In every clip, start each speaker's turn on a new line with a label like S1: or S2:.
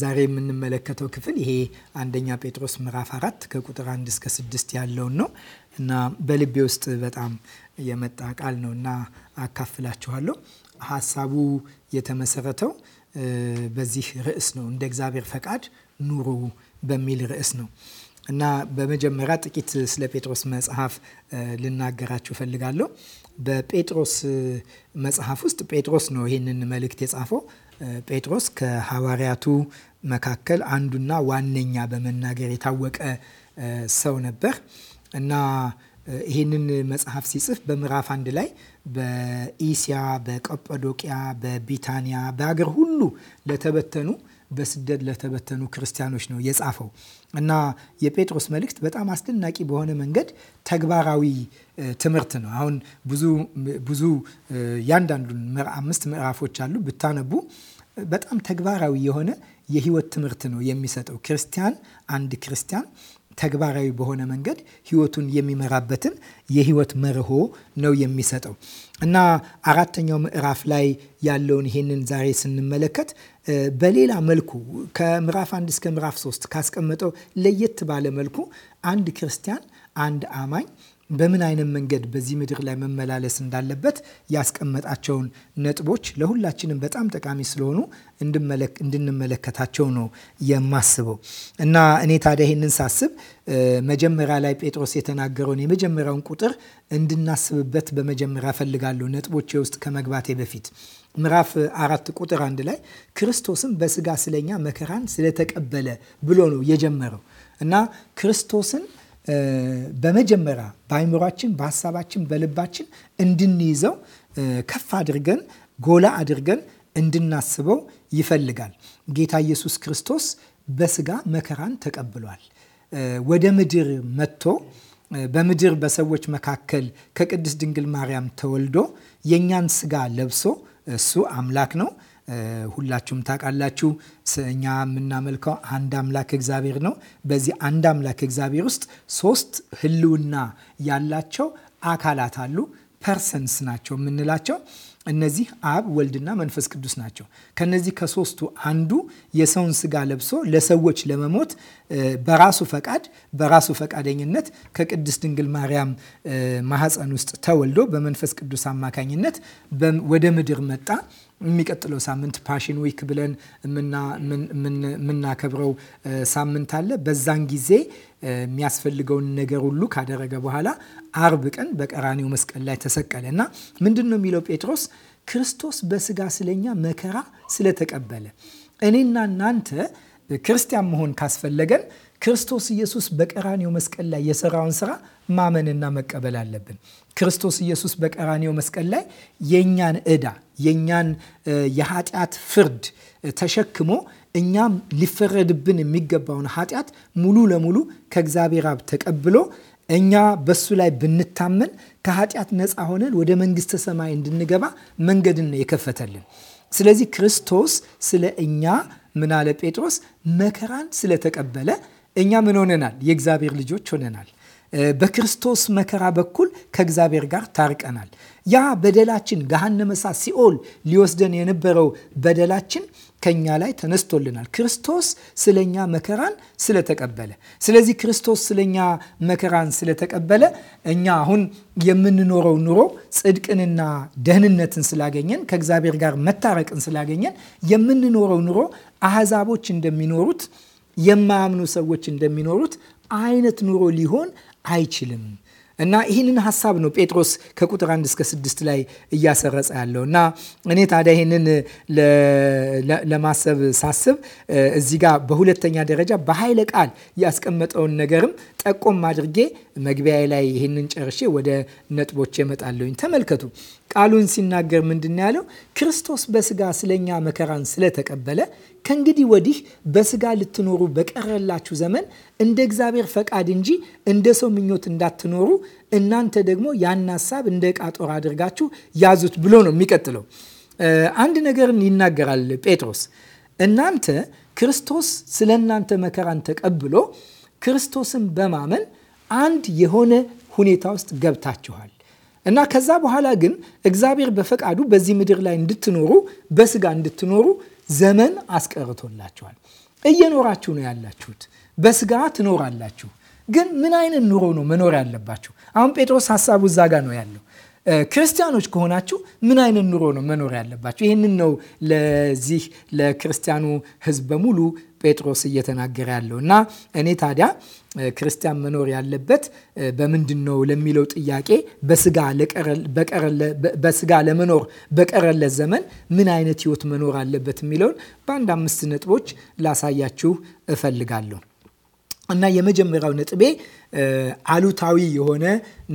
S1: ዛሬ የምንመለከተው ክፍል ይሄ አንደኛ ጴጥሮስ ምዕራፍ አራት ከቁጥር አንድ እስከ ስድስት ያለውን ነው እና በልቤ ውስጥ በጣም የመጣ ቃል ነው እና አካፍላችኋለሁ። ሀሳቡ የተመሰረተው በዚህ ርዕስ ነው። እንደ እግዚአብሔር ፈቃድ ኑሩ በሚል ርዕስ ነው እና በመጀመሪያ ጥቂት ስለ ጴጥሮስ መጽሐፍ ልናገራችሁ እፈልጋለሁ። በጴጥሮስ መጽሐፍ ውስጥ ጴጥሮስ ነው ይህንን መልእክት የጻፈው ጴጥሮስ ከሐዋርያቱ መካከል አንዱና ዋነኛ በመናገር የታወቀ ሰው ነበር እና ይህንን መጽሐፍ ሲጽፍ በምዕራፍ አንድ ላይ በኢስያ፣ በቀጳዶቅያ፣ በቢታንያ በአገር ሁሉ ለተበተኑ በስደት ለተበተኑ ክርስቲያኖች ነው የጻፈው እና የጴጥሮስ መልእክት በጣም አስደናቂ በሆነ መንገድ ተግባራዊ ትምህርት ነው። አሁን ብዙ ብዙ ያንዳንዱን አምስት ምዕራፎች አሉ ብታነቡ በጣም ተግባራዊ የሆነ የህይወት ትምህርት ነው የሚሰጠው ክርስቲያን አንድ ክርስቲያን ተግባራዊ በሆነ መንገድ ህይወቱን የሚመራበትን የህይወት መርሆ ነው የሚሰጠው እና አራተኛው ምዕራፍ ላይ ያለውን ይሄንን ዛሬ ስንመለከት በሌላ መልኩ ከምዕራፍ አንድ እስከ ምዕራፍ ሶስት ካስቀመጠው ለየት ባለ መልኩ አንድ ክርስቲያን አንድ አማኝ በምን አይነት መንገድ በዚህ ምድር ላይ መመላለስ እንዳለበት ያስቀመጣቸውን ነጥቦች ለሁላችንም በጣም ጠቃሚ ስለሆኑ እንድንመለከታቸው ነው የማስበው እና እኔ ታዲያ ይህንን ሳስብ መጀመሪያ ላይ ጴጥሮስ የተናገረውን የመጀመሪያውን ቁጥር እንድናስብበት በመጀመሪያ ፈልጋለሁ ነጥቦቼ ውስጥ ከመግባቴ በፊት ምዕራፍ አራት ቁጥር አንድ ላይ ክርስቶስን በስጋ ስለኛ መከራን ስለተቀበለ ብሎ ነው የጀመረው እና ክርስቶስን በመጀመሪያ በአይምሯችን፣ በሀሳባችን፣ በልባችን እንድንይዘው ከፍ አድርገን ጎላ አድርገን እንድናስበው ይፈልጋል። ጌታ ኢየሱስ ክርስቶስ በስጋ መከራን ተቀብሏል። ወደ ምድር መጥቶ በምድር በሰዎች መካከል ከቅድስት ድንግል ማርያም ተወልዶ የእኛን ስጋ ለብሶ እሱ አምላክ ነው ሁላችሁም ታውቃላችሁ። እኛ የምናመልከው አንድ አምላክ እግዚአብሔር ነው። በዚህ አንድ አምላክ እግዚአብሔር ውስጥ ሶስት ህልውና ያላቸው አካላት አሉ። ፐርሰንስ ናቸው የምንላቸው እነዚህ አብ ወልድና መንፈስ ቅዱስ ናቸው። ከነዚህ ከሶስቱ አንዱ የሰውን ስጋ ለብሶ ለሰዎች ለመሞት በራሱ ፈቃድ በራሱ ፈቃደኝነት ከቅድስት ድንግል ማርያም ማህፀን ውስጥ ተወልዶ በመንፈስ ቅዱስ አማካኝነት ወደ ምድር መጣ። የሚቀጥለው ሳምንት ፓሽን ዊክ ብለን የምናከብረው ሳምንት አለ። በዛን ጊዜ የሚያስፈልገውን ነገር ሁሉ ካደረገ በኋላ አርብ ቀን በቀራኔው መስቀል ላይ ተሰቀለ እና ምንድን ነው የሚለው ጴጥሮስ ክርስቶስ በስጋ ስለኛ መከራ ስለተቀበለ እኔና እናንተ ክርስቲያን መሆን ካስፈለገን ክርስቶስ ኢየሱስ በቀራኔው መስቀል ላይ የሰራውን ስራ ማመንና መቀበል አለብን። ክርስቶስ ኢየሱስ በቀራኔው መስቀል ላይ የእኛን ዕዳ የእኛን የኃጢአት ፍርድ ተሸክሞ እኛም ሊፈረድብን የሚገባውን ኃጢአት ሙሉ ለሙሉ ከእግዚአብሔር አብ ተቀብሎ እኛ በሱ ላይ ብንታመን ከኃጢአት ነፃ ሆነን ወደ መንግስተ ሰማይ እንድንገባ መንገድን የከፈተልን። ስለዚህ ክርስቶስ ስለ እኛ ምናለ ጴጥሮስ? መከራን ስለተቀበለ እኛ ምን ሆነናል? የእግዚአብሔር ልጆች ሆነናል። በክርስቶስ መከራ በኩል ከእግዚአብሔር ጋር ታርቀናል። ያ በደላችን ገሃነመ እሳት ሲኦል ሊወስደን የነበረው በደላችን ከኛ ላይ ተነስቶልናል። ክርስቶስ ስለኛ መከራን ስለተቀበለ፣ ስለዚህ ክርስቶስ ስለኛ መከራን ስለተቀበለ እኛ አሁን የምንኖረው ኑሮ ጽድቅንና ደህንነትን ስላገኘን ከእግዚአብሔር ጋር መታረቅን ስላገኘን የምንኖረው ኑሮ አህዛቦች እንደሚኖሩት የማያምኑ ሰዎች እንደሚኖሩት አይነት ኑሮ ሊሆን አይችልም። እና ይህንን ሀሳብ ነው ጴጥሮስ ከቁጥር 1 እስከ ስድስት ላይ እያሰረጸ ያለው እና እኔ ታዲያ ይህንን ለማሰብ ሳስብ እዚህ ጋር በሁለተኛ ደረጃ በኃይለ ቃል ያስቀመጠውን ነገርም ጠቆም አድርጌ መግቢያ ላይ ይህንን ጨርሼ ወደ ነጥቦች እመጣለሁኝ። ተመልከቱ ቃሉን ሲናገር ምንድን ያለው? ክርስቶስ በስጋ ስለኛ መከራን ስለተቀበለ ከእንግዲህ ወዲህ በስጋ ልትኖሩ በቀረላችሁ ዘመን እንደ እግዚአብሔር ፈቃድ እንጂ እንደ ሰው ምኞት እንዳትኖሩ እናንተ ደግሞ ያን ሀሳብ እንደ ዕቃ ጦር አድርጋችሁ ያዙት ብሎ ነው የሚቀጥለው። አንድ ነገርን ይናገራል ጴጥሮስ። እናንተ ክርስቶስ ስለ እናንተ መከራን ተቀብሎ ክርስቶስን በማመን አንድ የሆነ ሁኔታ ውስጥ ገብታችኋል እና ከዛ በኋላ ግን እግዚአብሔር በፈቃዱ በዚህ ምድር ላይ እንድትኖሩ በስጋ እንድትኖሩ ዘመን አስቀርቶላችኋል። እየኖራችሁ ነው ያላችሁት። በስጋ ትኖራላችሁ። ግን ምን አይነት ኑሮ ነው መኖር ያለባችሁ? አሁን ጴጥሮስ ሀሳቡ እዛ ጋ ነው ያለው። ክርስቲያኖች ከሆናችሁ ምን አይነት ኑሮ ነው መኖር ያለባችሁ? ይህንን ነው ለዚህ ለክርስቲያኑ ሕዝብ በሙሉ ጴጥሮስ እየተናገረ ያለው እና እኔ ታዲያ ክርስቲያን መኖር ያለበት በምንድን ነው ለሚለው ጥያቄ በስጋ ለመኖር በቀረለት ዘመን ምን አይነት ህይወት መኖር አለበት የሚለውን በአንድ አምስት ነጥቦች ላሳያችሁ እፈልጋለሁ። እና የመጀመሪያው ነጥቤ አሉታዊ የሆነ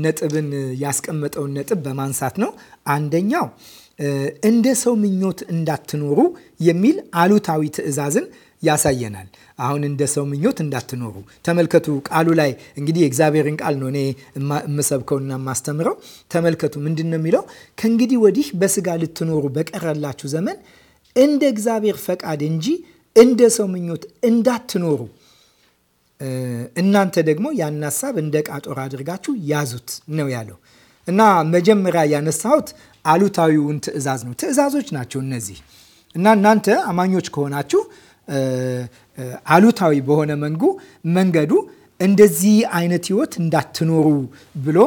S1: ነጥብን ያስቀመጠውን ነጥብ በማንሳት ነው። አንደኛው እንደ ሰው ምኞት እንዳትኖሩ የሚል አሉታዊ ትዕዛዝን ያሳየናል። አሁን እንደ ሰው ምኞት እንዳትኖሩ። ተመልከቱ ቃሉ ላይ እንግዲህ የእግዚአብሔርን ቃል ነው እኔ የምሰብከውና የማስተምረው። ተመልከቱ ምንድን ነው የሚለው? ከእንግዲህ ወዲህ በስጋ ልትኖሩ በቀረላችሁ ዘመን እንደ እግዚአብሔር ፈቃድ እንጂ እንደ ሰው ምኞት እንዳትኖሩ እናንተ ደግሞ ያን ሀሳብ እንደ ቃጦር አድርጋችሁ ያዙት ነው ያለው። እና መጀመሪያ ያነሳሁት አሉታዊውን ትእዛዝ ነው። ትእዛዞች ናቸው እነዚህ እና እናንተ አማኞች ከሆናችሁ አሉታዊ በሆነ መንጉ መንገዱ እንደዚህ አይነት ህይወት እንዳትኖሩ ብሎ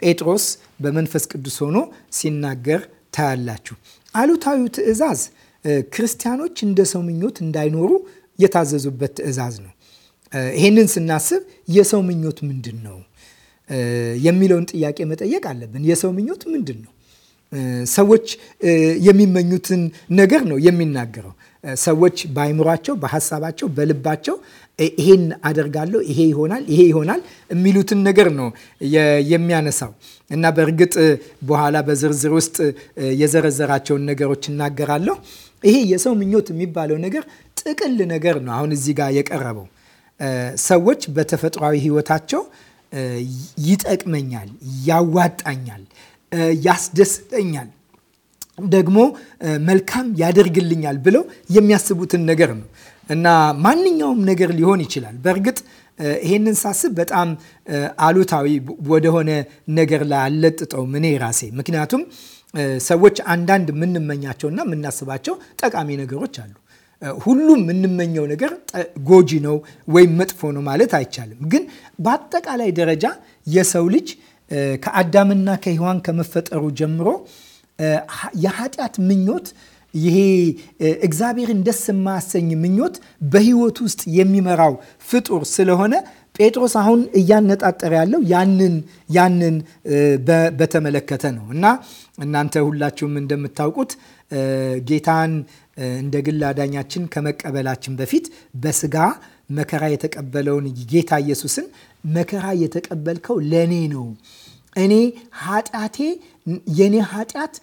S1: ጴጥሮስ በመንፈስ ቅዱስ ሆኖ ሲናገር ታያላችሁ። አሉታዊው ትእዛዝ ክርስቲያኖች እንደ ሰው ምኞት እንዳይኖሩ የታዘዙበት ትእዛዝ ነው። ይህንን ስናስብ የሰው ምኞት ምንድን ነው የሚለውን ጥያቄ መጠየቅ አለብን። የሰው ምኞት ምንድን ነው? ሰዎች የሚመኙትን ነገር ነው የሚናገረው። ሰዎች በአይምሯቸው፣ በሀሳባቸው፣ በልባቸው ይሄን አደርጋለሁ፣ ይሄ ይሆናል፣ ይሄ ይሆናል የሚሉትን ነገር ነው የሚያነሳው እና በእርግጥ በኋላ በዝርዝር ውስጥ የዘረዘራቸውን ነገሮች እናገራለሁ። ይሄ የሰው ምኞት የሚባለው ነገር ጥቅል ነገር ነው። አሁን እዚህ ጋር የቀረበው ሰዎች በተፈጥሯዊ ሕይወታቸው ይጠቅመኛል፣ ያዋጣኛል፣ ያስደስተኛል ደግሞ መልካም ያደርግልኛል ብለው የሚያስቡትን ነገር ነው እና ማንኛውም ነገር ሊሆን ይችላል። በእርግጥ ይሄንን ሳስብ በጣም አሉታዊ ወደሆነ ነገር ላይ አለጥጠውም እኔ ራሴ ምክንያቱም ሰዎች አንዳንድ የምንመኛቸውና የምናስባቸው ጠቃሚ ነገሮች አሉ። ሁሉም የምንመኘው ነገር ጎጂ ነው ወይም መጥፎ ነው ማለት አይቻልም። ግን በአጠቃላይ ደረጃ የሰው ልጅ ከአዳምና ከሔዋን ከመፈጠሩ ጀምሮ የኃጢአት ምኞት ይሄ እግዚአብሔርን ደስ የማያሰኝ ምኞት በህይወት ውስጥ የሚመራው ፍጡር ስለሆነ ጴጥሮስ አሁን እያነጣጠረ ያለው ያንን ያንን በተመለከተ ነው እና እናንተ ሁላችሁም እንደምታውቁት ጌታን እንደ ግል አዳኛችን ከመቀበላችን በፊት በስጋ መከራ የተቀበለውን ጌታ ኢየሱስን መከራ የተቀበልከው ለእኔ ነው እኔ ኃጢአቴ የኔ ኃጢአት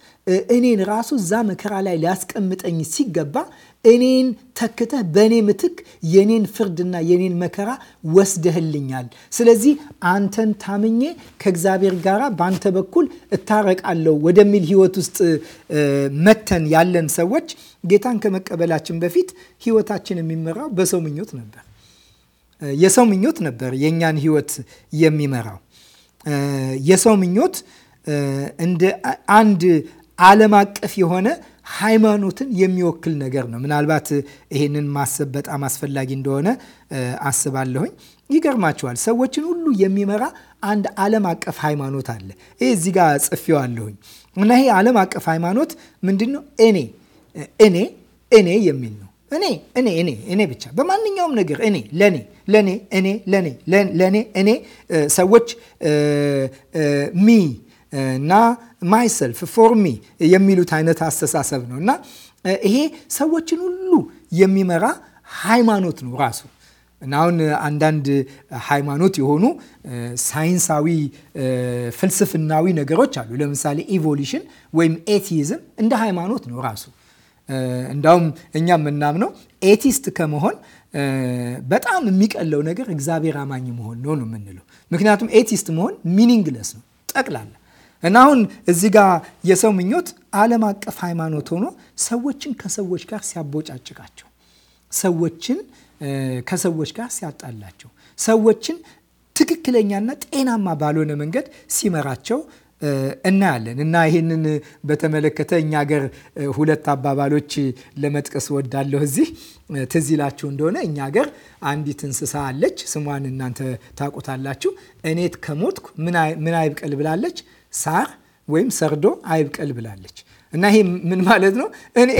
S1: እኔን ራሱ እዛ መከራ ላይ ሊያስቀምጠኝ ሲገባ እኔን ተክተህ በእኔ ምትክ የኔን ፍርድና የኔን መከራ ወስደህልኛል። ስለዚህ አንተን ታምኜ ከእግዚአብሔር ጋር በአንተ በኩል እታረቃለሁ ወደሚል ህይወት ውስጥ መተን ያለን ሰዎች ጌታን ከመቀበላችን በፊት ህይወታችን የሚመራው በሰው ምኞት ነበር። የሰው ምኞት ነበር የእኛን ህይወት የሚመራው የሰው ምኞት እንደ አንድ ዓለም አቀፍ የሆነ ሃይማኖትን የሚወክል ነገር ነው። ምናልባት ይሄንን ማሰብ በጣም አስፈላጊ እንደሆነ አስባለሁኝ። ይገርማቸዋል። ሰዎችን ሁሉ የሚመራ አንድ ዓለም አቀፍ ሃይማኖት አለ። ይህ እዚህ ጋር ጽፌዋለሁኝ እና ይሄ ዓለም አቀፍ ሃይማኖት ምንድን ነው? እኔ እኔ እኔ የሚል ነው። እኔ እኔ እኔ እኔ ብቻ በማንኛውም ነገር እኔ ለኔ ለኔ እኔ ለኔ ለኔ እኔ ሰዎች ሚ እና ማይሰልፍ ፎር ሚ የሚሉት አይነት አስተሳሰብ ነው እና ይሄ ሰዎችን ሁሉ የሚመራ ሃይማኖት ነው ራሱ እና አሁን አንዳንድ ሃይማኖት የሆኑ ሳይንሳዊ ፍልስፍናዊ ነገሮች አሉ። ለምሳሌ ኢቮሉሽን ወይም ኤቲይዝም እንደ ሃይማኖት ነው ራሱ እንዳውም እኛ የምናምነው ኤቲስት ከመሆን በጣም የሚቀለው ነገር እግዚአብሔር አማኝ መሆን ነው ነው የምንለው። ምክንያቱም ኤቲስት መሆን ሚኒንግለስ ነው ጠቅላላ እና አሁን እዚህ ጋር የሰው ምኞት ዓለም አቀፍ ሃይማኖት ሆኖ ሰዎችን ከሰዎች ጋር ሲያቦጫጭቃቸው፣ ሰዎችን ከሰዎች ጋር ሲያጣላቸው፣ ሰዎችን ትክክለኛና ጤናማ ባልሆነ መንገድ ሲመራቸው እናያለን እና ይህንን በተመለከተ እኛ ገር ሁለት አባባሎች ለመጥቀስ ወዳለሁ። እዚህ ትዝ ይላችሁ እንደሆነ እኛ አገር አንዲት እንስሳ አለች። ስሟን እናንተ ታውቁታላችሁ። እኔት ከሞትኩ ምን አይብቀል ብላለች? ሳር ወይም ሰርዶ አይብቀል ብላለች። እና ይሄ ምን ማለት ነው?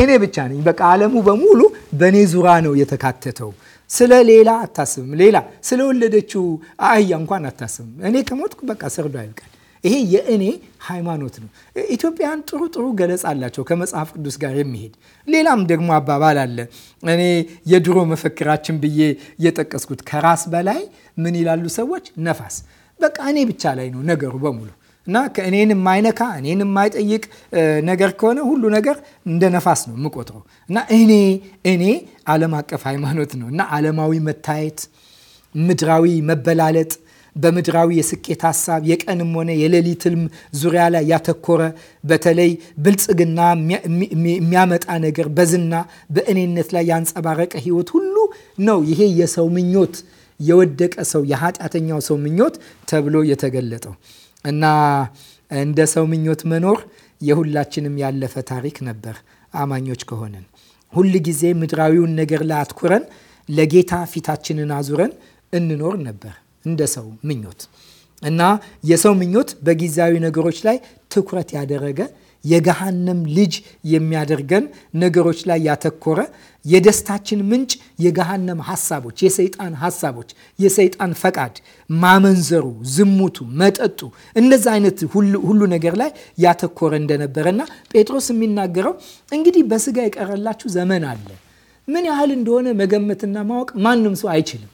S1: እኔ ብቻ ነኝ። በቃ አለሙ በሙሉ በእኔ ዙራ ነው የተካተተው። ስለ ሌላ አታስብም። ሌላ ስለወለደችው አህያ እንኳን አታስብም። እኔ ከሞትኩ በቃ ሰርዶ አይብቀል ይሄ የእኔ ሃይማኖት ነው። ኢትዮጵያውያን ጥሩ ጥሩ ገለጻ አላቸው ከመጽሐፍ ቅዱስ ጋር የሚሄድ ሌላም ደግሞ አባባል አለ። እኔ የድሮ መፈክራችን ብዬ የጠቀስኩት ከራስ በላይ ምን ይላሉ ሰዎች ነፋስ። በቃ እኔ ብቻ ላይ ነው ነገሩ በሙሉ እና ከእኔን የማይነካ እኔን የማይጠይቅ ነገር ከሆነ ሁሉ ነገር እንደ ነፋስ ነው የምቆጥረው። እና እኔ እኔ ዓለም አቀፍ ሃይማኖት ነው እና ዓለማዊ መታየት፣ ምድራዊ መበላለጥ በምድራዊ የስኬት ሀሳብ የቀንም ሆነ የሌሊት ህልም ዙሪያ ላይ ያተኮረ በተለይ ብልጽግና የሚያመጣ ነገር በዝና በእኔነት ላይ ያንጸባረቀ ህይወት ሁሉ ነው ይሄ የሰው ምኞት የወደቀ ሰው የኃጢአተኛው ሰው ምኞት ተብሎ የተገለጠው እና እንደ ሰው ምኞት መኖር የሁላችንም ያለፈ ታሪክ ነበር። አማኞች ከሆነን ሁል ጊዜ ምድራዊውን ነገር ላይ አትኩረን ለጌታ ፊታችንን አዙረን እንኖር ነበር። እንደ ሰው ምኞት እና የሰው ምኞት በጊዜያዊ ነገሮች ላይ ትኩረት ያደረገ የገሃነም ልጅ የሚያደርገን ነገሮች ላይ ያተኮረ የደስታችን ምንጭ የገሃነም ሀሳቦች፣ የሰይጣን ሀሳቦች፣ የሰይጣን ፈቃድ፣ ማመንዘሩ፣ ዝሙቱ፣ መጠጡ እነዚ አይነት ሁሉ ነገር ላይ ያተኮረ እንደነበረ እና ጴጥሮስ የሚናገረው እንግዲህ በስጋ የቀረላችሁ ዘመን አለ ምን ያህል እንደሆነ መገመትና ማወቅ ማንም ሰው አይችልም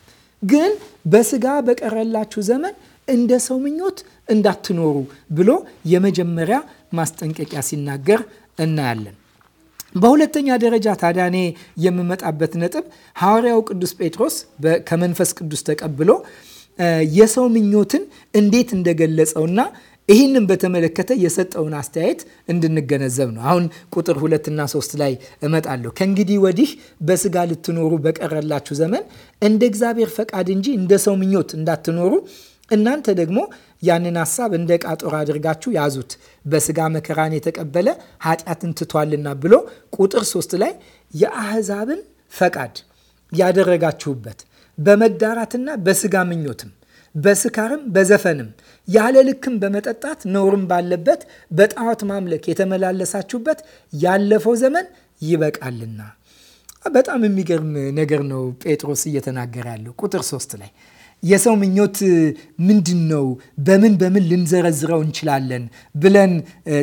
S1: ግን በስጋ በቀረላችሁ ዘመን እንደ ሰው ምኞት እንዳትኖሩ ብሎ የመጀመሪያ ማስጠንቀቂያ ሲናገር እናያለን። በሁለተኛ ደረጃ ታዲያ እኔ የምመጣበት ነጥብ ሐዋርያው ቅዱስ ጴጥሮስ ከመንፈስ ቅዱስ ተቀብሎ የሰው ምኞትን እንዴት እንደገለጸውና ይህንም በተመለከተ የሰጠውን አስተያየት እንድንገነዘብ ነው። አሁን ቁጥር ሁለትና ሶስት ላይ እመጣለሁ። ከእንግዲህ ወዲህ በስጋ ልትኖሩ በቀረላችሁ ዘመን እንደ እግዚአብሔር ፈቃድ እንጂ እንደ ሰው ምኞት እንዳትኖሩ እናንተ ደግሞ ያንን ሀሳብ እንደ ዕቃ ጦር አድርጋችሁ ያዙት። በስጋ መከራን የተቀበለ ኃጢአትን ትቷልና ብሎ ቁጥር ሶስት ላይ የአህዛብን ፈቃድ ያደረጋችሁበት በመዳራትና በስጋ ምኞትም በስካርም በዘፈንም ያለ ልክም በመጠጣት ነውርም ባለበት በጣዖት ማምለክ የተመላለሳችሁበት ያለፈው ዘመን ይበቃልና። በጣም የሚገርም ነገር ነው ጴጥሮስ እየተናገረ ያለው ቁጥር ሶስት ላይ የሰው ምኞት ምንድን ነው? በምን በምን ልንዘረዝረው እንችላለን ብለን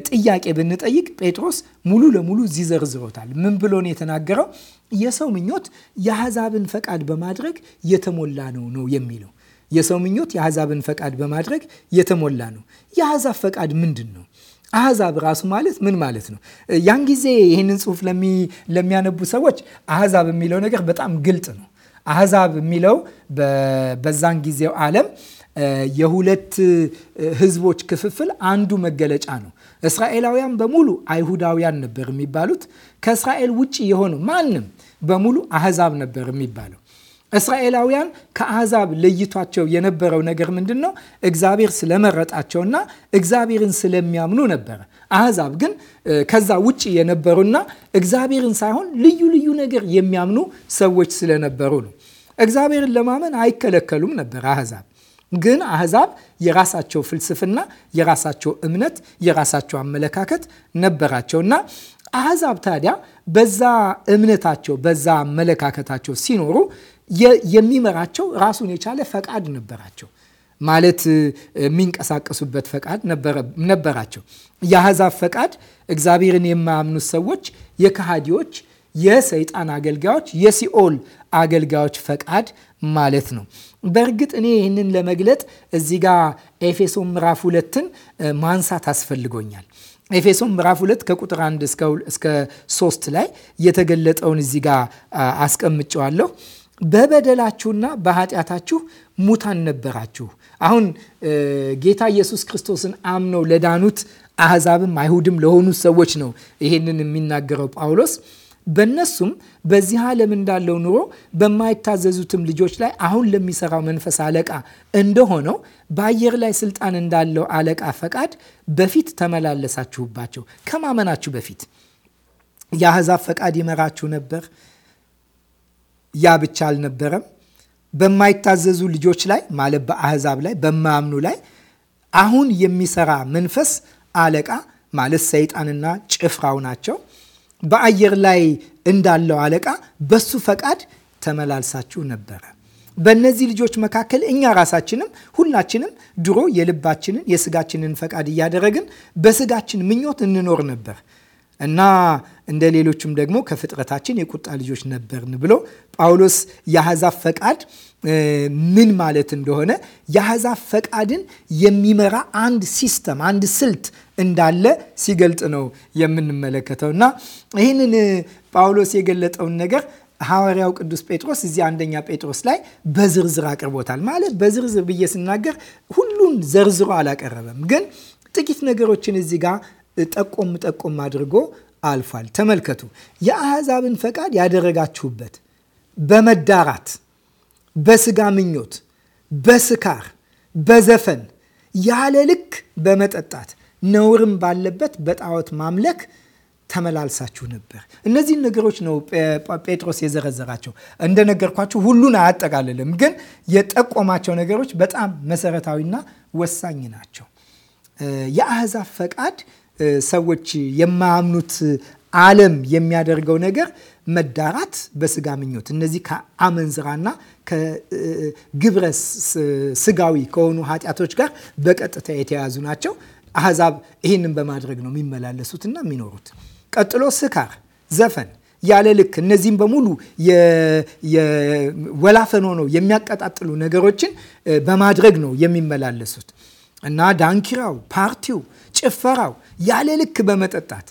S1: ጥያቄ ብንጠይቅ ጴጥሮስ ሙሉ ለሙሉ እዚህ ዘርዝሮታል። ምን ብሎ ነው የተናገረው? የሰው ምኞት የአሕዛብን ፈቃድ በማድረግ የተሞላ ነው ነው የሚለው የሰው ምኞት የአሕዛብን ፈቃድ በማድረግ የተሞላ ነው። የአሕዛብ ፈቃድ ምንድን ነው? አሕዛብ ራሱ ማለት ምን ማለት ነው? ያን ጊዜ ይህንን ጽሑፍ ለሚያነቡ ሰዎች አሕዛብ የሚለው ነገር በጣም ግልጥ ነው። አሕዛብ የሚለው በዛን ጊዜው ዓለም የሁለት ህዝቦች ክፍፍል አንዱ መገለጫ ነው። እስራኤላውያን በሙሉ አይሁዳውያን ነበር የሚባሉት። ከእስራኤል ውጭ የሆነው ማንም በሙሉ አሕዛብ ነበር የሚባለው። እስራኤላውያን ከአሕዛብ ለይቷቸው የነበረው ነገር ምንድን ነው? እግዚአብሔር ስለመረጣቸውና እግዚአብሔርን ስለሚያምኑ ነበረ። አሕዛብ ግን ከዛ ውጭ የነበሩና እግዚአብሔርን ሳይሆን ልዩ ልዩ ነገር የሚያምኑ ሰዎች ስለነበሩ ነው። እግዚአብሔርን ለማመን አይከለከሉም ነበር አሕዛብ ግን አሕዛብ የራሳቸው ፍልስፍና፣ የራሳቸው እምነት፣ የራሳቸው አመለካከት ነበራቸውና አሕዛብ ታዲያ በዛ እምነታቸው በዛ አመለካከታቸው ሲኖሩ የሚመራቸው ራሱን የቻለ ፈቃድ ነበራቸው። ማለት የሚንቀሳቀሱበት ፈቃድ ነበራቸው። የአህዛብ ፈቃድ እግዚአብሔርን የማያምኑት ሰዎች፣ የከሃዲዎች፣ የሰይጣን አገልጋዮች፣ የሲኦል አገልጋዮች ፈቃድ ማለት ነው። በእርግጥ እኔ ይህንን ለመግለጥ እዚህ ጋር ኤፌሶን ምዕራፍ ሁለትን ማንሳት አስፈልጎኛል። ኤፌሶን ምዕራፍ ሁለት ከቁጥር 1 እስከ ሶስት ላይ የተገለጠውን እዚህ ጋር አስቀምጨዋለሁ። በበደላችሁና በኃጢአታችሁ ሙታን ነበራችሁ። አሁን ጌታ ኢየሱስ ክርስቶስን አምነው ለዳኑት አህዛብም አይሁድም ለሆኑ ሰዎች ነው ይሄንን የሚናገረው ጳውሎስ። በነሱም በዚህ ዓለም እንዳለው ኑሮ በማይታዘዙትም ልጆች ላይ አሁን ለሚሰራው መንፈስ አለቃ እንደሆነው በአየር ላይ ስልጣን እንዳለው አለቃ ፈቃድ በፊት ተመላለሳችሁባቸው። ከማመናችሁ በፊት የአህዛብ ፈቃድ ይመራችሁ ነበር። ያ ብቻ አልነበረም። በማይታዘዙ ልጆች ላይ ማለት በአህዛብ ላይ በማያምኑ ላይ አሁን የሚሰራ መንፈስ አለቃ ማለት ሰይጣንና ጭፍራው ናቸው። በአየር ላይ እንዳለው አለቃ በሱ ፈቃድ ተመላልሳችሁ ነበረ። በእነዚህ ልጆች መካከል እኛ ራሳችንም ሁላችንም ድሮ የልባችንን የስጋችንን ፈቃድ እያደረግን በስጋችን ምኞት እንኖር ነበር። እና እንደ ሌሎችም ደግሞ ከፍጥረታችን የቁጣ ልጆች ነበርን ብሎ ጳውሎስ የአሕዛብ ፈቃድ ምን ማለት እንደሆነ የአሕዛብ ፈቃድን የሚመራ አንድ ሲስተም አንድ ስልት እንዳለ ሲገልጥ ነው የምንመለከተው እና ይህንን ጳውሎስ የገለጠውን ነገር ሐዋርያው ቅዱስ ጴጥሮስ እዚህ አንደኛ ጴጥሮስ ላይ በዝርዝር አቅርቦታል። ማለት በዝርዝር ብዬ ስናገር ሁሉን ዘርዝሮ አላቀረበም፣ ግን ጥቂት ነገሮችን እዚህ ጋር ጠቆም ጠቆም አድርጎ አልፏል። ተመልከቱ። የአሕዛብን ፈቃድ ያደረጋችሁበት በመዳራት በስጋ ምኞት፣ በስካር፣ በዘፈን ያለ ልክ በመጠጣት ነውርም ባለበት በጣዖት ማምለክ ተመላልሳችሁ ነበር። እነዚህን ነገሮች ነው ጴጥሮስ የዘረዘራቸው። እንደነገርኳችሁ ሁሉን አያጠቃልልም፣ ግን የጠቆማቸው ነገሮች በጣም መሰረታዊና ወሳኝ ናቸው። የአሕዛብ ፈቃድ ሰዎች የማያምኑት ዓለም የሚያደርገው ነገር መዳራት በስጋ ምኞት እነዚህ ከአመንዝራና ከግብረ ስጋዊ ከሆኑ ኃጢአቶች ጋር በቀጥታ የተያያዙ ናቸው። አህዛብ ይህንን በማድረግ ነው የሚመላለሱትና የሚኖሩት። ቀጥሎ ስካር፣ ዘፈን ያለ ልክ እነዚህም በሙሉ ወላፈን ሆነው የሚያቀጣጥሉ ነገሮችን በማድረግ ነው የሚመላለሱት። እና ዳንኪራው፣ ፓርቲው፣ ጭፈራው ያለ ልክ በመጠጣት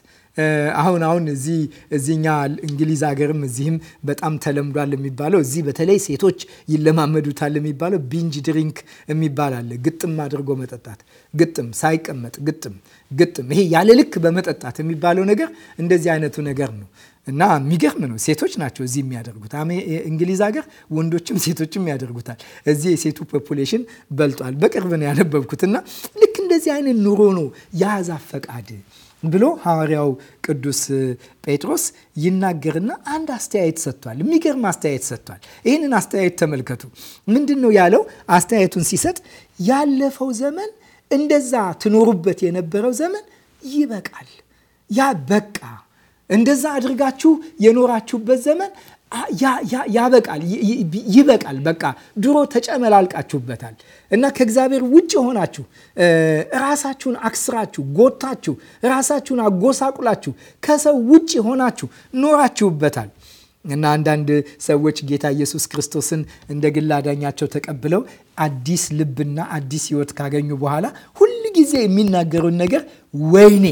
S1: አሁን አሁን እዚህ እዚኛ እንግሊዝ ሀገርም እዚህም በጣም ተለምዷል የሚባለው እዚህ በተለይ ሴቶች ይለማመዱታል የሚባለው ቢንጅ ድሪንክ የሚባል አለ። ግጥም አድርጎ መጠጣት፣ ግጥም ሳይቀመጥ ግጥም ግጥም፣ ይሄ ያለ ልክ በመጠጣት የሚባለው ነገር እንደዚህ አይነቱ ነገር ነው። እና የሚገርም ነው። ሴቶች ናቸው እዚህ የሚያደርጉት። እንግሊዝ ሀገር ወንዶችም ሴቶችም ያደርጉታል። እዚህ የሴቱ ፖፑሌሽን በልጧል። በቅርብ ነው ያነበብኩት እና ልክ እንደዚህ አይነት ኑሮ ነው የአዛ ፈቃድ ብሎ ሐዋርያው ቅዱስ ጴጥሮስ ይናገርና አንድ አስተያየት ሰጥቷል። የሚገርም አስተያየት ሰጥቷል። ይህንን አስተያየት ተመልከቱ። ምንድን ነው ያለው? አስተያየቱን ሲሰጥ ያለፈው ዘመን እንደዛ ትኖሩበት የነበረው ዘመን ይበቃል። ያ በቃ እንደዛ አድርጋችሁ የኖራችሁበት ዘመን ያበቃል፣ ይበቃል። በቃ ድሮ ተጨመላልቃችሁበታል እና ከእግዚአብሔር ውጭ ሆናችሁ ራሳችሁን አክስራችሁ፣ ጎታችሁ፣ ራሳችሁን አጎሳቁላችሁ ከሰው ውጭ ሆናችሁ ኖራችሁበታል። እና አንዳንድ ሰዎች ጌታ ኢየሱስ ክርስቶስን እንደ ግል አዳኛቸው ተቀብለው አዲስ ልብና አዲስ ሕይወት ካገኙ በኋላ ሁል ጊዜ የሚናገሩን ነገር ወይኔ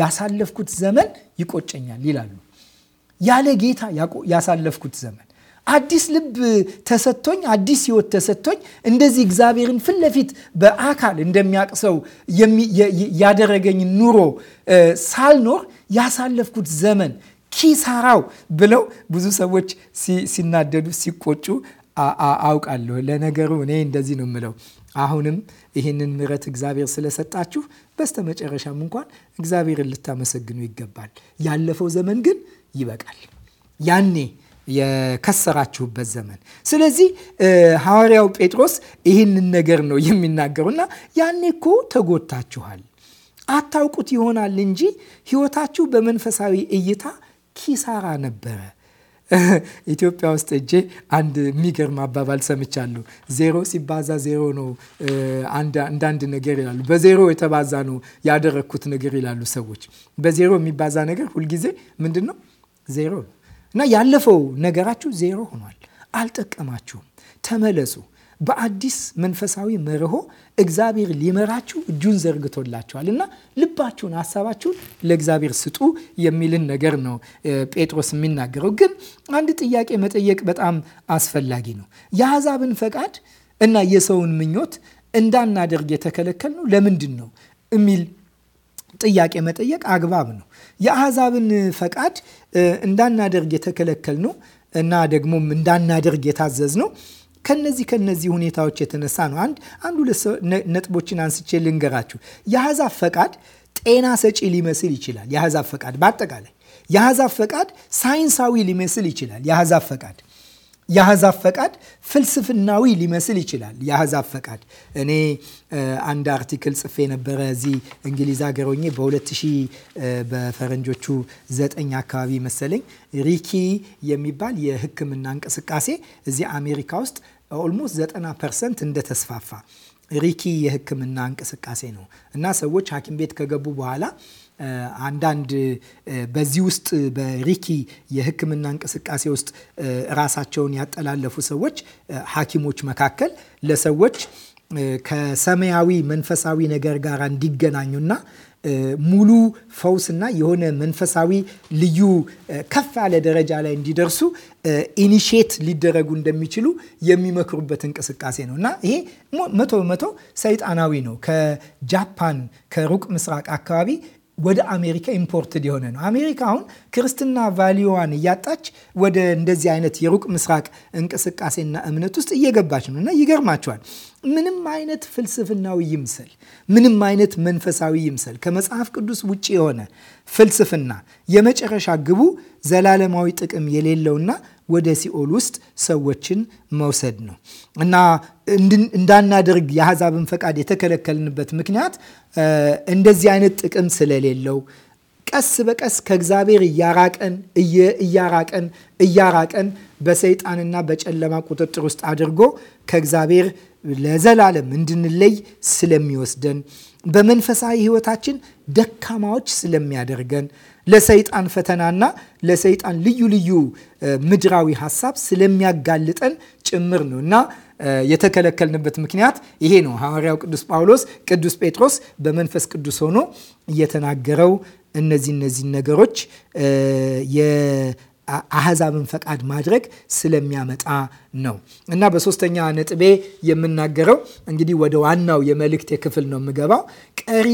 S1: ያሳለፍኩት ዘመን ይቆጨኛል ይላሉ። ያለ ጌታ ያሳለፍኩት ዘመን አዲስ ልብ ተሰጥቶኝ አዲስ ህይወት ተሰጥቶኝ እንደዚህ እግዚአብሔርን ፊት ለፊት በአካል እንደሚያቅሰው ያደረገኝ ኑሮ ሳልኖር ያሳለፍኩት ዘመን ኪሳራው ብለው ብዙ ሰዎች ሲናደዱ ሲቆጩ አውቃለሁ። ለነገሩ እኔ እንደዚህ ነው የምለው፣ አሁንም ይህንን ምሕረት እግዚአብሔር ስለሰጣችሁ በስተ መጨረሻም እንኳን እግዚአብሔርን ልታመሰግኑ ይገባል። ያለፈው ዘመን ግን ይበቃል። ያኔ የከሰራችሁበት ዘመን። ስለዚህ ሐዋርያው ጴጥሮስ ይህንን ነገር ነው የሚናገሩና ያኔ እኮ ተጎድታችኋል፣ አታውቁት ይሆናል እንጂ ሕይወታችሁ በመንፈሳዊ እይታ ኪሳራ ነበረ ኢትዮጵያ ውስጥ እጄ አንድ የሚገርም አባባል ሰምቻለሁ። ዜሮ ሲባዛ ዜሮ ነው አንዳንድ ነገር ይላሉ። በዜሮ የተባዛ ነው ያደረግኩት ነገር ይላሉ ሰዎች። በዜሮ የሚባዛ ነገር ሁልጊዜ ምንድን ነው? ዜሮ ነው እና ያለፈው ነገራችሁ ዜሮ ሆኗል። አልጠቀማችሁም። ተመለሱ። በአዲስ መንፈሳዊ መርሆ እግዚአብሔር ሊመራችሁ እጁን ዘርግቶላችኋል እና ልባችሁን፣ ሀሳባችሁን ለእግዚአብሔር ስጡ የሚልን ነገር ነው ጴጥሮስ የሚናገረው። ግን አንድ ጥያቄ መጠየቅ በጣም አስፈላጊ ነው። የአሕዛብን ፈቃድ እና የሰውን ምኞት እንዳናደርግ የተከለከል ነው ለምንድን ነው የሚል ጥያቄ መጠየቅ አግባብ ነው። የአሕዛብን ፈቃድ እንዳናደርግ የተከለከል ነው እና ደግሞም እንዳናደርግ የታዘዝ ነው ከነዚህ ከነዚህ ሁኔታዎች የተነሳ ነው። አንድ አንድ ሁለት ነጥቦችን አንስቼ ልንገራችሁ። የአሕዛብ ፈቃድ ጤና ሰጪ ሊመስል ይችላል። የአሕዛብ ፈቃድ በአጠቃላይ የአሕዛብ ፈቃድ ሳይንሳዊ ሊመስል ይችላል። የአሕዛብ ፈቃድ የአሕዛብ ፈቃድ ፍልስፍናዊ ሊመስል ይችላል። የአሕዛብ ፈቃድ እኔ አንድ አርቲክል ጽፌ ነበረ እዚህ እንግሊዝ ሀገር ሆኜ በ2000 በፈረንጆቹ ዘጠኝ አካባቢ መሰለኝ ሪኪ የሚባል የሕክምና እንቅስቃሴ እዚህ አሜሪካ ውስጥ ኦልሞስት 90 ፐርሰንት እንደተስፋፋ ሪኪ የሕክምና እንቅስቃሴ ነው እና ሰዎች ሐኪም ቤት ከገቡ በኋላ አንዳንድ በዚህ ውስጥ በሪኪ የሕክምና እንቅስቃሴ ውስጥ ራሳቸውን ያጠላለፉ ሰዎች ሐኪሞች መካከል ለሰዎች ከሰማያዊ መንፈሳዊ ነገር ጋር እንዲገናኙና ሙሉ ፈውስና የሆነ መንፈሳዊ ልዩ ከፍ ያለ ደረጃ ላይ እንዲደርሱ ኢኒሽት ሊደረጉ እንደሚችሉ የሚመክሩበት እንቅስቃሴ ነው እና ይሄ መቶ በመቶ ሰይጣናዊ ነው። ከጃፓን ከሩቅ ምስራቅ አካባቢ ወደ አሜሪካ ኢምፖርትድ የሆነ ነው። አሜሪካ አሁን ክርስትና ቫሊዋን እያጣች ወደ እንደዚህ አይነት የሩቅ ምስራቅ እንቅስቃሴና እምነት ውስጥ እየገባች ነው እና ይገርማቸዋል። ምንም አይነት ፍልስፍናዊ ይምሰል፣ ምንም አይነት መንፈሳዊ ይምሰል፣ ከመጽሐፍ ቅዱስ ውጭ የሆነ ፍልስፍና የመጨረሻ ግቡ ዘላለማዊ ጥቅም የሌለውና ወደ ሲኦል ውስጥ ሰዎችን መውሰድ ነው እና እንዳናደርግ የአሕዛብን ፈቃድ የተከለከልንበት ምክንያት እንደዚህ አይነት ጥቅም ስለሌለው ቀስ በቀስ ከእግዚአብሔር እያራቀን እያራቀን እያራቀን በሰይጣንና በጨለማ ቁጥጥር ውስጥ አድርጎ ከእግዚአብሔር ለዘላለም እንድንለይ ስለሚወስደን በመንፈሳዊ ሕይወታችን ደካማዎች ስለሚያደርገን ለሰይጣን ፈተናና ለሰይጣን ልዩ ልዩ ምድራዊ ሀሳብ ስለሚያጋልጠን ጭምር ነው እና የተከለከልንበት ምክንያት ይሄ ነው። ሐዋርያው ቅዱስ ጳውሎስ ቅዱስ ጴጥሮስ በመንፈስ ቅዱስ ሆኖ እየተናገረው እነዚህ እነዚህ ነገሮች አህዛብን ፈቃድ ማድረግ ስለሚያመጣ ነው እና በሶስተኛ ነጥቤ የምናገረው እንግዲህ ወደ ዋናው የመልእክት የክፍል ነው የምገባው። ቀሪ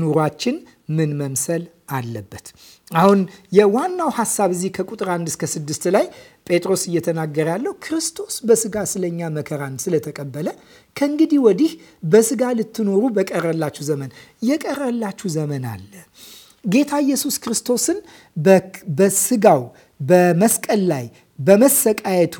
S1: ኑሯችን ምን መምሰል አለበት። አሁን የዋናው ሀሳብ እዚህ ከቁጥር አንድ እስከ ስድስት ላይ ጴጥሮስ እየተናገረ ያለው ክርስቶስ በስጋ ስለኛ መከራን ስለተቀበለ ከእንግዲህ ወዲህ በስጋ ልትኖሩ በቀረላችሁ ዘመን የቀረላችሁ ዘመን አለ። ጌታ ኢየሱስ ክርስቶስን በስጋው በመስቀል ላይ በመሰቃየቱ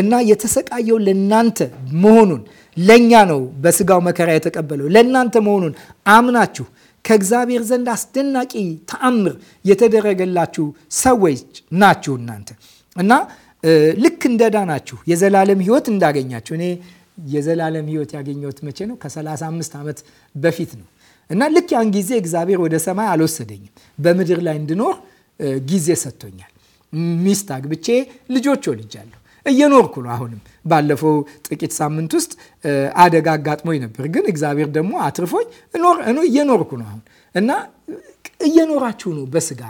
S1: እና የተሰቃየው ለእናንተ መሆኑን ለእኛ ነው። በስጋው መከራ የተቀበለው ለእናንተ መሆኑን አምናችሁ ከእግዚአብሔር ዘንድ አስደናቂ ተአምር የተደረገላችሁ ሰዎች ናችሁ እናንተ እና ልክ እንደዳ ናችሁ የዘላለም ህይወት እንዳገኛችሁ እኔ የዘላለም ህይወት ያገኘሁት መቼ ነው? ከ35 ዓመት በፊት ነው እና ልክ ያን ጊዜ እግዚአብሔር ወደ ሰማይ አልወሰደኝም። በምድር ላይ እንድኖር ጊዜ ሰጥቶኛል። ሚስት አግብቼ ልጆች ወልጃለሁ። እየኖርኩ ነው አሁንም ባለፈው ጥቂት ሳምንት ውስጥ አደጋ አጋጥሞኝ ነበር፣ ግን እግዚአብሔር ደግሞ አትርፎኝ እየኖርኩ ነው አሁን እና እየኖራችሁ ነው በስጋ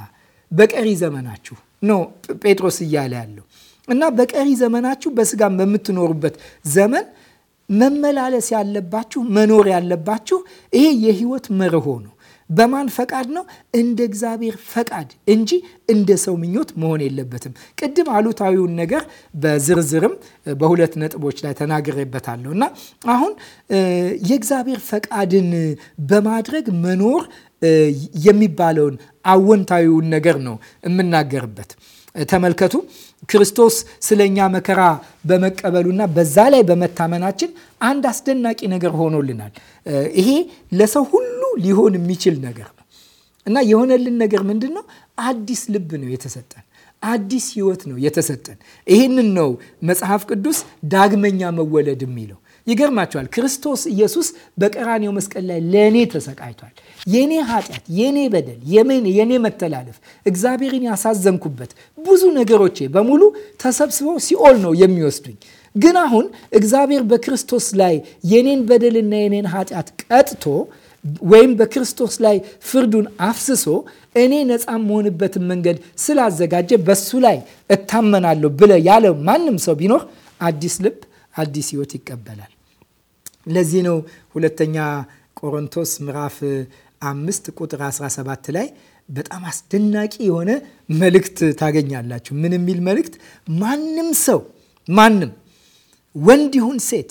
S1: በቀሪ ዘመናችሁ ነው ጴጥሮስ እያለ ያለው እና በቀሪ ዘመናችሁ በስጋ በምትኖሩበት ዘመን መመላለስ ያለባችሁ መኖር ያለባችሁ ይሄ የህይወት መርሆ ነው። በማን ፈቃድ ነው? እንደ እግዚአብሔር ፈቃድ እንጂ እንደ ሰው ምኞት መሆን የለበትም። ቅድም አሉታዊውን ነገር በዝርዝርም በሁለት ነጥቦች ላይ ተናግሬበታለሁ እና አሁን የእግዚአብሔር ፈቃድን በማድረግ መኖር የሚባለውን አወንታዊውን ነገር ነው የምናገርበት። ተመልከቱ። ክርስቶስ ስለኛ መከራ በመቀበሉና በዛ ላይ በመታመናችን አንድ አስደናቂ ነገር ሆኖልናል። ይሄ ለሰው ሁሉ ሊሆን የሚችል ነገር ነው እና የሆነልን ነገር ምንድን ነው? አዲስ ልብ ነው የተሰጠን። አዲስ ህይወት ነው የተሰጠን። ይህንን ነው መጽሐፍ ቅዱስ ዳግመኛ መወለድ የሚለው ይገርማቸዋል። ክርስቶስ ኢየሱስ በቀራኔው መስቀል ላይ ለእኔ ተሰቃይቷል። የኔ ኃጢአት፣ የኔ በደል፣ የኔ መተላለፍ፣ እግዚአብሔርን ያሳዘንኩበት ብዙ ነገሮቼ በሙሉ ተሰብስበው ሲኦል ነው የሚወስዱኝ። ግን አሁን እግዚአብሔር በክርስቶስ ላይ የኔን በደልና የኔን ኃጢአት ቀጥቶ ወይም በክርስቶስ ላይ ፍርዱን አፍስሶ እኔ ነፃ መሆንበትን መንገድ ስላዘጋጀ በሱ ላይ እታመናለሁ ብለ ያለ ማንም ሰው ቢኖር አዲስ ልብ አዲስ ህይወት ይቀበላል። ለዚህ ነው ሁለተኛ ቆሮንቶስ ምዕራፍ አምስት ቁጥር 17 ላይ በጣም አስደናቂ የሆነ መልእክት ታገኛላችሁ። ምን የሚል መልእክት? ማንም ሰው ማንም ወንድ ይሁን ሴት፣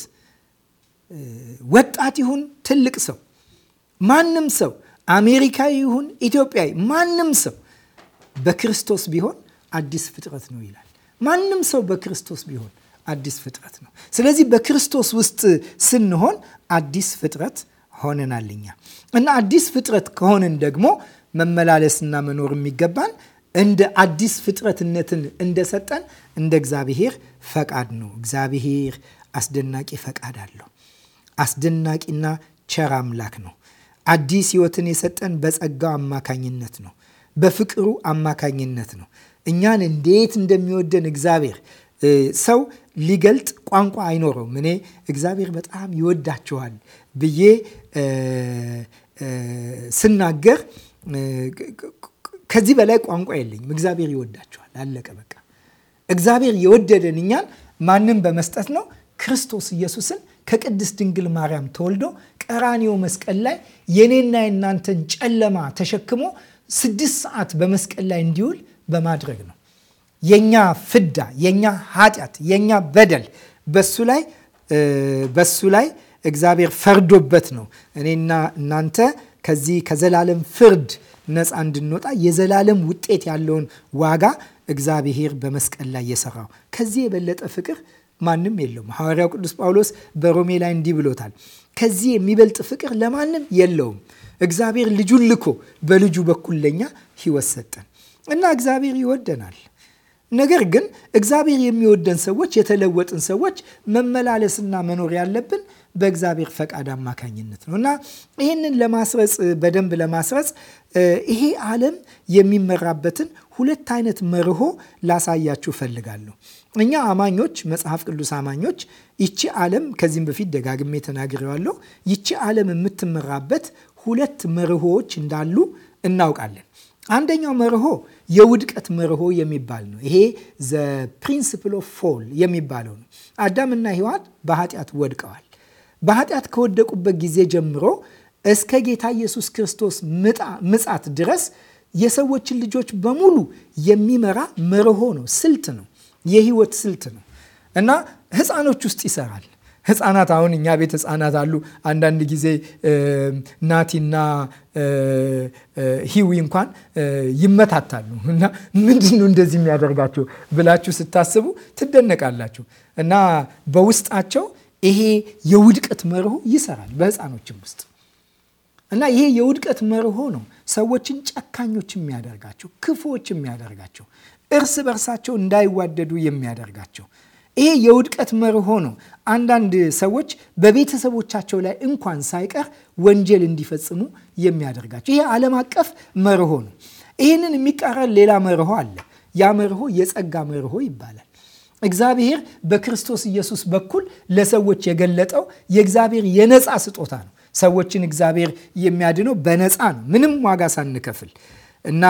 S1: ወጣት ይሁን ትልቅ ሰው፣ ማንም ሰው አሜሪካዊ ይሁን ኢትዮጵያዊ፣ ማንም ሰው በክርስቶስ ቢሆን አዲስ ፍጥረት ነው ይላል። ማንም ሰው በክርስቶስ ቢሆን አዲስ ፍጥረት ነው። ስለዚህ በክርስቶስ ውስጥ ስንሆን አዲስ ፍጥረት ሆነናል እኛ እና አዲስ ፍጥረት ከሆንን ደግሞ መመላለስና መኖር የሚገባን እንደ አዲስ ፍጥረትነትን እንደሰጠን እንደ እግዚአብሔር ፈቃድ ነው። እግዚአብሔር አስደናቂ ፈቃድ አለው። አስደናቂና ቸር አምላክ ነው። አዲስ ሕይወትን የሰጠን በጸጋው አማካኝነት ነው። በፍቅሩ አማካኝነት ነው። እኛን እንዴት እንደሚወደን እግዚአብሔር ሰው ሊገልጥ ቋንቋ አይኖረውም። እኔ እግዚአብሔር በጣም ይወዳችኋል ብዬ ስናገር ከዚህ በላይ ቋንቋ የለኝም። እግዚአብሔር ይወዳችኋል፣ አለቀ በቃ። እግዚአብሔር የወደደን እኛን ማንም በመስጠት ነው። ክርስቶስ ኢየሱስን ከቅድስት ድንግል ማርያም ተወልዶ ቀራኒዮ መስቀል ላይ የኔና የናንተን ጨለማ ተሸክሞ ስድስት ሰዓት በመስቀል ላይ እንዲውል በማድረግ ነው። የኛ ፍዳ፣ የኛ ኃጢአት፣ የኛ በደል በሱ ላይ በሱ ላይ እግዚአብሔር ፈርዶበት ነው እኔና እናንተ ከዚህ ከዘላለም ፍርድ ነፃ እንድንወጣ የዘላለም ውጤት ያለውን ዋጋ እግዚአብሔር በመስቀል ላይ የሰራው ከዚህ የበለጠ ፍቅር ማንም የለውም። ሐዋርያው ቅዱስ ጳውሎስ በሮሜ ላይ እንዲህ ብሎታል። ከዚህ የሚበልጥ ፍቅር ለማንም የለውም። እግዚአብሔር ልጁን ልኮ በልጁ በኩል ለኛ ሕይወት ሰጠን እና እግዚአብሔር ይወደናል። ነገር ግን እግዚአብሔር የሚወደን ሰዎች የተለወጥን ሰዎች መመላለስና መኖር ያለብን በእግዚአብሔር ፈቃድ አማካኝነት ነው እና ይህንን ለማስረጽ በደንብ ለማስረጽ ይሄ ዓለም የሚመራበትን ሁለት አይነት መርሆ ላሳያችሁ ፈልጋለሁ። እኛ አማኞች፣ መጽሐፍ ቅዱስ አማኞች ይቺ ዓለም ከዚህም በፊት ደጋግሜ ተናግሬዋለሁ። ይቺ ዓለም የምትመራበት ሁለት መርሆዎች እንዳሉ እናውቃለን። አንደኛው መርሆ የውድቀት መርሆ የሚባል ነው። ይሄ ዘ ፕሪንስፕል ኦፍ ፎል የሚባለው ነው። አዳምና ሔዋን በኃጢአት ወድቀዋል። በኃጢአት ከወደቁበት ጊዜ ጀምሮ እስከ ጌታ ኢየሱስ ክርስቶስ ምጻት ድረስ የሰዎችን ልጆች በሙሉ የሚመራ መርሆ ነው፣ ስልት ነው፣ የህይወት ስልት ነው እና ህፃኖች ውስጥ ይሰራል። ህፃናት አሁን እኛ ቤት ህፃናት አሉ። አንዳንድ ጊዜ ናቲና ሂዊ እንኳን ይመታታሉ እና ምንድን ነው እንደዚህ የሚያደርጋቸው ብላችሁ ስታስቡ ትደነቃላችሁ። እና በውስጣቸው ይሄ የውድቀት መርሆ ይሰራል በህፃኖችም ውስጥ እና ይሄ የውድቀት መርሆ ነው ሰዎችን ጨካኞች የሚያደርጋቸው፣ ክፉዎች የሚያደርጋቸው፣ እርስ በርሳቸው እንዳይዋደዱ የሚያደርጋቸው ይሄ የውድቀት መርሆ ነው። አንዳንድ ሰዎች በቤተሰቦቻቸው ላይ እንኳን ሳይቀር ወንጀል እንዲፈጽሙ የሚያደርጋቸው ይሄ ዓለም አቀፍ መርሆ ነው። ይህንን የሚቃረን ሌላ መርሆ አለ። ያ መርሆ የጸጋ መርሆ ይባላል። እግዚአብሔር በክርስቶስ ኢየሱስ በኩል ለሰዎች የገለጠው የእግዚአብሔር የነፃ ስጦታ ነው። ሰዎችን እግዚአብሔር የሚያድነው በነፃ ነው፣ ምንም ዋጋ ሳንከፍል እና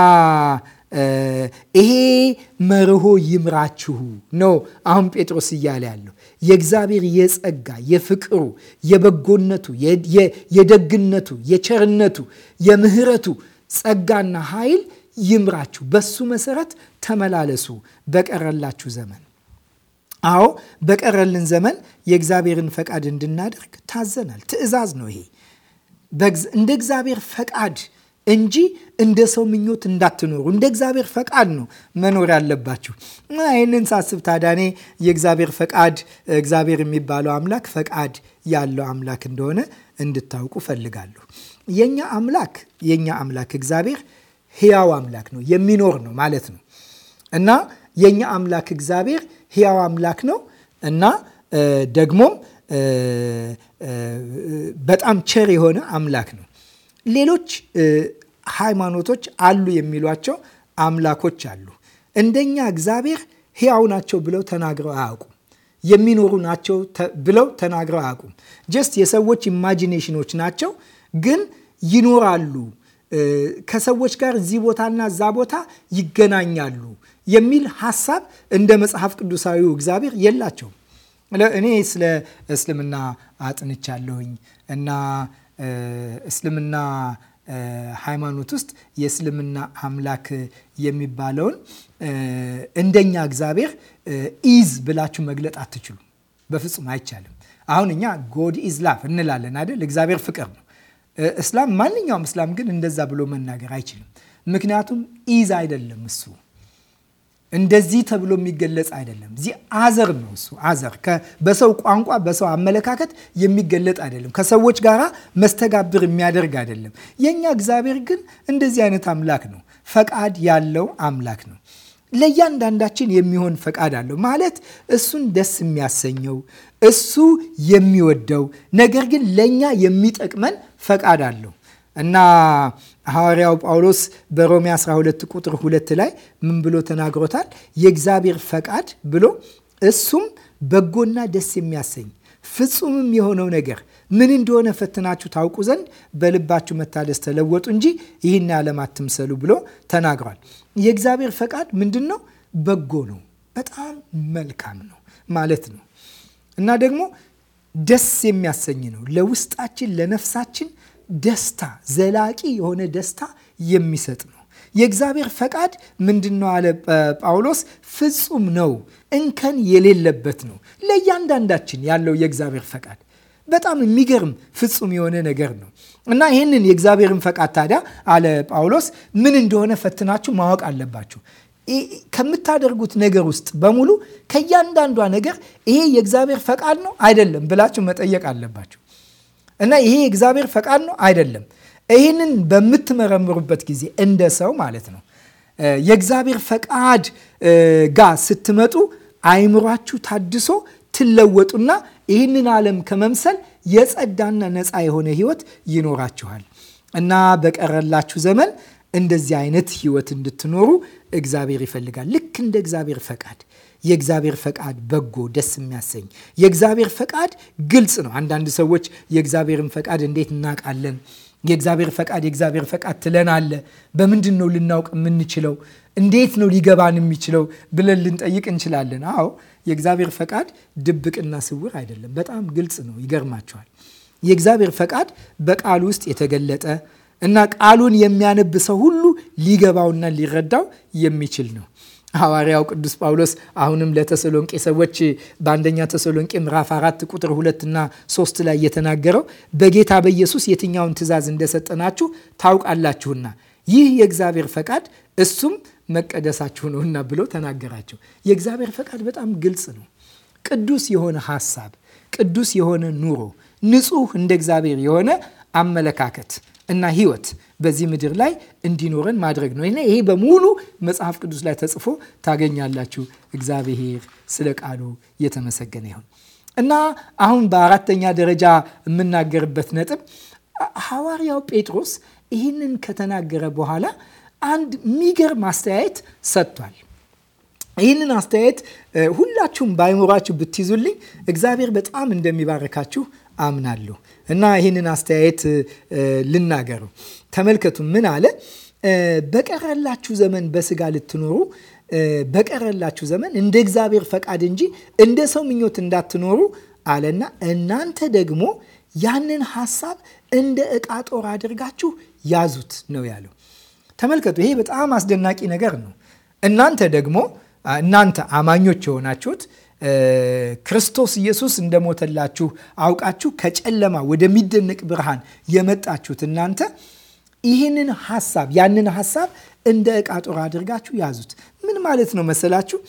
S1: ይሄ መርሆ ይምራችሁ ነው። አሁን ጴጥሮስ እያለ ያለው የእግዚአብሔር የጸጋ የፍቅሩ፣ የበጎነቱ፣ የደግነቱ፣ የቸርነቱ፣ የምህረቱ ጸጋና ኃይል ይምራችሁ። በሱ መሰረት ተመላለሱ በቀረላችሁ ዘመን። አዎ በቀረልን ዘመን የእግዚአብሔርን ፈቃድ እንድናደርግ ታዘናል። ትእዛዝ ነው ይሄ እንደ እግዚአብሔር ፈቃድ እንጂ እንደ ሰው ምኞት እንዳትኖሩ እንደ እግዚአብሔር ፈቃድ ነው መኖር ያለባችሁ። ይህንን ሳስብ ታዳኔ የእግዚአብሔር ፈቃድ እግዚአብሔር የሚባለው አምላክ ፈቃድ ያለው አምላክ እንደሆነ እንድታውቁ ፈልጋለሁ። የኛ አምላክ የኛ አምላክ እግዚአብሔር ሕያው አምላክ ነው፣ የሚኖር ነው ማለት ነው እና የኛ አምላክ እግዚአብሔር ሕያው አምላክ ነው እና ደግሞም በጣም ቸር የሆነ አምላክ ነው ሌሎች ሃይማኖቶች አሉ የሚሏቸው አምላኮች አሉ። እንደኛ እግዚአብሔር ሕያው ናቸው ብለው ተናግረው አያውቁም። የሚኖሩ ናቸው ብለው ተናግረው አያውቁም። ጀስት የሰዎች ኢማጂኔሽኖች ናቸው፣ ግን ይኖራሉ ከሰዎች ጋር እዚህ ቦታና እዛ ቦታ ይገናኛሉ የሚል ሀሳብ እንደ መጽሐፍ ቅዱሳዊ እግዚአብሔር የላቸውም። እኔ ስለ እስልምና አጥንቻለሁኝ እና እስልምና ሃይማኖት ውስጥ የእስልምና አምላክ የሚባለውን እንደኛ እግዚአብሔር ኢዝ ብላችሁ መግለጥ አትችሉም። በፍጹም አይቻልም። አሁን እኛ ጎድ ኢዝ ላፍ እንላለን አይደል? እግዚአብሔር ፍቅር ነው። እስላም ማንኛውም እስላም ግን እንደዛ ብሎ መናገር አይችልም። ምክንያቱም ኢዝ አይደለም እሱ እንደዚህ ተብሎ የሚገለጽ አይደለም። እዚህ አዘር ነው እሱ አዘር በሰው ቋንቋ በሰው አመለካከት የሚገለጥ አይደለም። ከሰዎች ጋራ መስተጋብር የሚያደርግ አይደለም። የእኛ እግዚአብሔር ግን እንደዚህ አይነት አምላክ ነው። ፈቃድ ያለው አምላክ ነው። ለእያንዳንዳችን የሚሆን ፈቃድ አለው ማለት እሱን ደስ የሚያሰኘው እሱ የሚወደው ነገር ግን ለእኛ የሚጠቅመን ፈቃድ አለው እና ሐዋርያው ጳውሎስ በሮሜ 12 ቁጥር 2 ላይ ምን ብሎ ተናግሮታል? የእግዚአብሔር ፈቃድ ብሎ እሱም በጎና ደስ የሚያሰኝ ፍጹምም የሆነው ነገር ምን እንደሆነ ፈትናችሁ ታውቁ ዘንድ በልባችሁ መታደስ ተለወጡ እንጂ ይህን ዓለም አትምሰሉ ብሎ ተናግሯል። የእግዚአብሔር ፈቃድ ምንድን ነው? በጎ ነው፣ በጣም መልካም ነው ማለት ነው እና ደግሞ ደስ የሚያሰኝ ነው። ለውስጣችን ለነፍሳችን ደስታ፣ ዘላቂ የሆነ ደስታ የሚሰጥ ነው። የእግዚአብሔር ፈቃድ ምንድን ነው አለ ጳውሎስ? ፍጹም ነው፣ እንከን የሌለበት ነው። ለእያንዳንዳችን ያለው የእግዚአብሔር ፈቃድ በጣም የሚገርም ፍጹም የሆነ ነገር ነው እና ይህንን የእግዚአብሔርን ፈቃድ ታዲያ አለ ጳውሎስ ምን እንደሆነ ፈትናችሁ ማወቅ አለባችሁ ከምታደርጉት ነገር ውስጥ በሙሉ ከእያንዳንዷ ነገር ይሄ የእግዚአብሔር ፈቃድ ነው አይደለም ብላችሁ መጠየቅ አለባችሁ። እና ይሄ የእግዚአብሔር ፈቃድ ነው አይደለም። ይህንን በምትመረምሩበት ጊዜ እንደ ሰው ማለት ነው የእግዚአብሔር ፈቃድ ጋር ስትመጡ አይምሯችሁ ታድሶ ትለወጡና ይህንን ዓለም ከመምሰል የጸዳና ነፃ የሆነ ህይወት ይኖራችኋል እና በቀረላችሁ ዘመን እንደዚህ አይነት ህይወት እንድትኖሩ እግዚአብሔር ይፈልጋል። ልክ እንደ እግዚአብሔር ፈቃድ የእግዚአብሔር ፈቃድ በጎ፣ ደስ የሚያሰኝ የእግዚአብሔር ፈቃድ ግልጽ ነው። አንዳንድ ሰዎች የእግዚአብሔርን ፈቃድ እንዴት እናውቃለን? የእግዚአብሔር ፈቃድ የእግዚአብሔር ፈቃድ ትለን አለ። በምንድን ነው ልናውቅ የምንችለው? እንዴት ነው ሊገባን የሚችለው ብለን ልንጠይቅ እንችላለን። አዎ የእግዚአብሔር ፈቃድ ድብቅና ስውር አይደለም። በጣም ግልጽ ነው። ይገርማቸዋል። የእግዚአብሔር ፈቃድ በቃል ውስጥ የተገለጠ እና ቃሉን የሚያነብ ሰው ሁሉ ሊገባውና ሊረዳው የሚችል ነው። ሐዋርያው ቅዱስ ጳውሎስ አሁንም ለተሰሎንቄ ሰዎች በአንደኛ ተሰሎንቄ ምዕራፍ አራት ቁጥር ሁለትና ሶስት ላይ የተናገረው በጌታ በኢየሱስ የትኛውን ትእዛዝ እንደሰጠናችሁ ታውቃላችሁና ይህ የእግዚአብሔር ፈቃድ እሱም መቀደሳችሁ ነውና ብሎ ተናገራቸው። የእግዚአብሔር ፈቃድ በጣም ግልጽ ነው። ቅዱስ የሆነ ሐሳብ፣ ቅዱስ የሆነ ኑሮ፣ ንጹህ እንደ እግዚአብሔር የሆነ አመለካከት እና ህይወት በዚህ ምድር ላይ እንዲኖረን ማድረግ ነው። ይሄ በሙሉ መጽሐፍ ቅዱስ ላይ ተጽፎ ታገኛላችሁ። እግዚአብሔር ስለ ቃሉ የተመሰገነ ይሁን እና አሁን በአራተኛ ደረጃ የምናገርበት ነጥብ ሐዋርያው ጴጥሮስ ይህንን ከተናገረ በኋላ አንድ ሚገርም አስተያየት ሰጥቷል። ይህንን አስተያየት ሁላችሁም ባይኖራችሁ ብትይዙልኝ እግዚአብሔር በጣም እንደሚባረካችሁ አምናለሁ። እና ይህንን አስተያየት ልናገሩ። ተመልከቱ ምን አለ? በቀረላችሁ ዘመን በስጋ ልትኖሩ በቀረላችሁ ዘመን እንደ እግዚአብሔር ፈቃድ እንጂ እንደ ሰው ምኞት እንዳትኖሩ አለና እናንተ ደግሞ ያንን ሀሳብ እንደ ዕቃ ጦር አድርጋችሁ ያዙት ነው ያለው። ተመልከቱ፣ ይሄ በጣም አስደናቂ ነገር ነው። እናንተ ደግሞ እናንተ አማኞች የሆናችሁት ክርስቶስ ኢየሱስ እንደሞተላችሁ አውቃችሁ ከጨለማ ወደሚደነቅ ብርሃን የመጣችሁት እናንተ ይህንን ሀሳብ ያንን ሀሳብ እንደ እቃ ጦር አድርጋችሁ ያዙት። ምን ማለት ነው መሰላችሁ?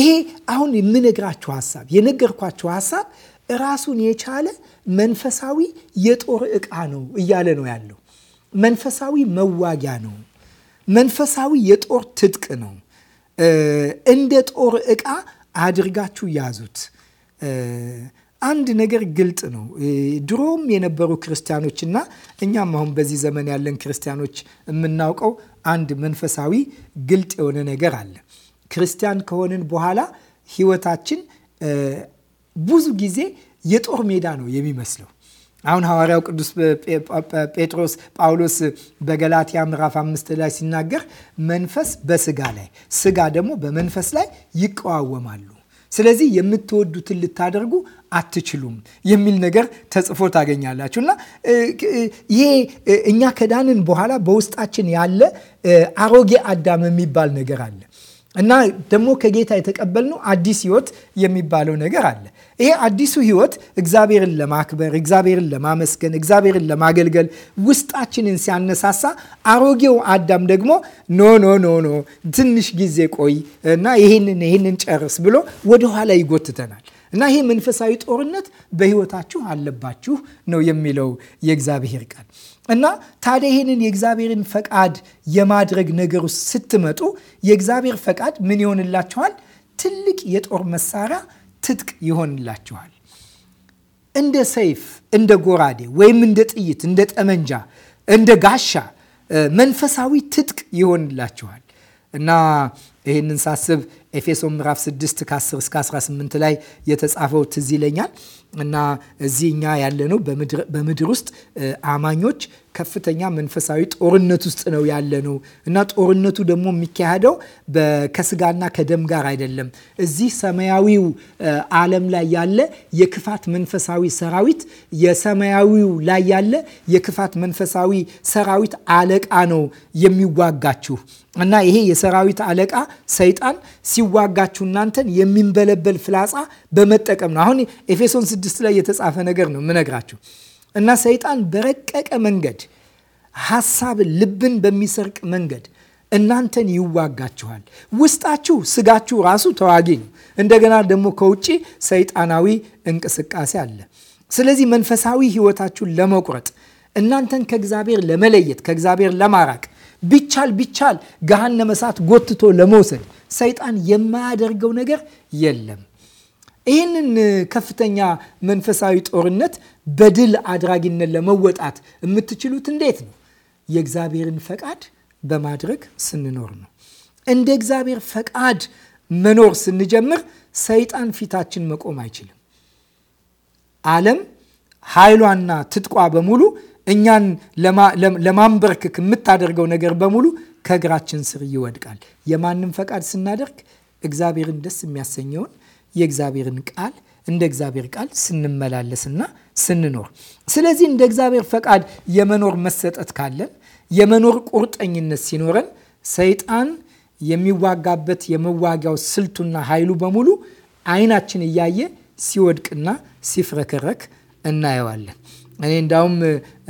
S1: ይሄ አሁን የምነግራችሁ ሀሳብ የነገርኳችሁ ሀሳብ ራሱን የቻለ መንፈሳዊ የጦር እቃ ነው እያለ ነው ያለው። መንፈሳዊ መዋጊያ ነው። መንፈሳዊ የጦር ትጥቅ ነው። እንደ ጦር ዕቃ አድርጋችሁ ያዙት። አንድ ነገር ግልጥ ነው። ድሮም የነበሩ ክርስቲያኖች እና እኛም አሁን በዚህ ዘመን ያለን ክርስቲያኖች የምናውቀው አንድ መንፈሳዊ ግልጥ የሆነ ነገር አለ። ክርስቲያን ከሆንን በኋላ ሕይወታችን ብዙ ጊዜ የጦር ሜዳ ነው የሚመስለው አሁን ሐዋርያው ቅዱስ ጴጥሮስ ጳውሎስ በገላትያ ምዕራፍ አምስት ላይ ሲናገር መንፈስ በስጋ ላይ ስጋ ደግሞ በመንፈስ ላይ ይቀዋወማሉ። ስለዚህ የምትወዱትን ልታደርጉ አትችሉም የሚል ነገር ተጽፎ ታገኛላችሁ። እና ይሄ እኛ ከዳንን በኋላ በውስጣችን ያለ አሮጌ አዳም የሚባል ነገር አለ እና ደግሞ ከጌታ የተቀበልነው አዲስ ሕይወት የሚባለው ነገር አለ ይሄ አዲሱ ህይወት እግዚአብሔርን ለማክበር፣ እግዚአብሔርን ለማመስገን፣ እግዚአብሔርን ለማገልገል ውስጣችንን ሲያነሳሳ፣ አሮጌው አዳም ደግሞ ኖ ኖ ኖ ኖ ትንሽ ጊዜ ቆይ እና ይህንን ይህንን ጨርስ ብሎ ወደኋላ ይጎትተናል እና ይሄ መንፈሳዊ ጦርነት በህይወታችሁ አለባችሁ ነው የሚለው የእግዚአብሔር ቃል። እና ታዲያ ይህንን የእግዚአብሔርን ፈቃድ የማድረግ ነገር ውስጥ ስትመጡ የእግዚአብሔር ፈቃድ ምን ይሆንላችኋል? ትልቅ የጦር መሳሪያ ትጥቅ ይሆንላችኋል። እንደ ሰይፍ፣ እንደ ጎራዴ ወይም እንደ ጥይት፣ እንደ ጠመንጃ፣ እንደ ጋሻ መንፈሳዊ ትጥቅ ይሆንላችኋል እና ይህንን ሳስብ ኤፌሶ ምዕራፍ 6 ከ10 እስከ 18 ላይ የተጻፈው ትዝ ይለኛል። እና እዚህ እኛ ያለነው በምድር ውስጥ አማኞች ከፍተኛ መንፈሳዊ ጦርነት ውስጥ ነው ያለነው እና ጦርነቱ ደግሞ የሚካሄደው ከስጋና ከደም ጋር አይደለም። እዚህ ሰማያዊው ዓለም ላይ ያለ የክፋት መንፈሳዊ ሰራዊት የሰማያዊው ላይ ያለ የክፋት መንፈሳዊ ሰራዊት አለቃ ነው የሚዋጋችሁ እና ይሄ የሰራዊት አለቃ ሰይጣን ሲዋጋችሁ እናንተን የሚንበለበል ፍላጻ በመጠቀም ነው። አሁን ኤፌሶን 6 ስድስት ላይ የተጻፈ ነገር ነው የምነግራችሁ እና ሰይጣን በረቀቀ መንገድ ሀሳብ ልብን በሚሰርቅ መንገድ እናንተን ይዋጋችኋል። ውስጣችሁ ስጋችሁ ራሱ ተዋጊ ነው። እንደገና ደግሞ ከውጭ ሰይጣናዊ እንቅስቃሴ አለ። ስለዚህ መንፈሳዊ ህይወታችሁን ለመቁረጥ እናንተን ከእግዚአብሔር ለመለየት ከእግዚአብሔር ለማራቅ ቢቻል ቢቻል ገሃነመ እሳት ጎትቶ ለመውሰድ ሰይጣን የማያደርገው ነገር የለም። ይህንን ከፍተኛ መንፈሳዊ ጦርነት በድል አድራጊነት ለመወጣት የምትችሉት እንዴት ነው? የእግዚአብሔርን ፈቃድ በማድረግ ስንኖር ነው። እንደ እግዚአብሔር ፈቃድ መኖር ስንጀምር ሰይጣን ፊታችን መቆም አይችልም። ዓለም ኃይሏና ትጥቋ በሙሉ እኛን ለማንበርከክ የምታደርገው ነገር በሙሉ ከእግራችን ስር ይወድቃል። የማንም ፈቃድ ስናደርግ እግዚአብሔርን ደስ የሚያሰኘውን የእግዚአብሔርን ቃል እንደ እግዚአብሔር ቃል ስንመላለስና ስንኖር። ስለዚህ እንደ እግዚአብሔር ፈቃድ የመኖር መሰጠት ካለን የመኖር ቁርጠኝነት ሲኖረን ሰይጣን የሚዋጋበት የመዋጊያው ስልቱና ኃይሉ በሙሉ አይናችን እያየ ሲወድቅና ሲፍረከረክ እናየዋለን። እኔ እንዳውም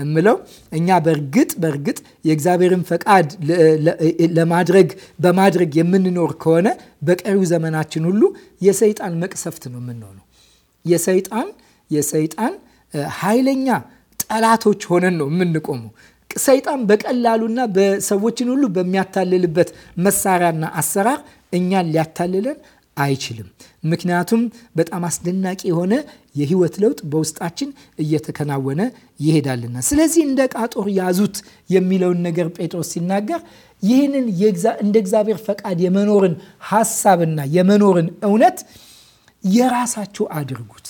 S1: እምለው እኛ በእርግጥ በእርግጥ የእግዚአብሔርን ፈቃድ ለማድረግ በማድረግ የምንኖር ከሆነ በቀሪው ዘመናችን ሁሉ የሰይጣን መቅሰፍት ነው የምንሆነው። የሰይጣን የሰይጣን ኃይለኛ ጠላቶች ሆነን ነው የምንቆመው። ሰይጣን በቀላሉና በሰዎችን ሁሉ በሚያታልልበት መሳሪያና አሰራር እኛን ሊያታልለን አይችልም። ምክንያቱም በጣም አስደናቂ የሆነ የህይወት ለውጥ በውስጣችን እየተከናወነ ይሄዳልና። ስለዚህ እንደ ዕቃ ጦር ያዙት የሚለውን ነገር ጴጥሮስ ሲናገር ይህንን እንደ እግዚአብሔር ፈቃድ የመኖርን ሀሳብና የመኖርን እውነት የራሳችሁ አድርጉት።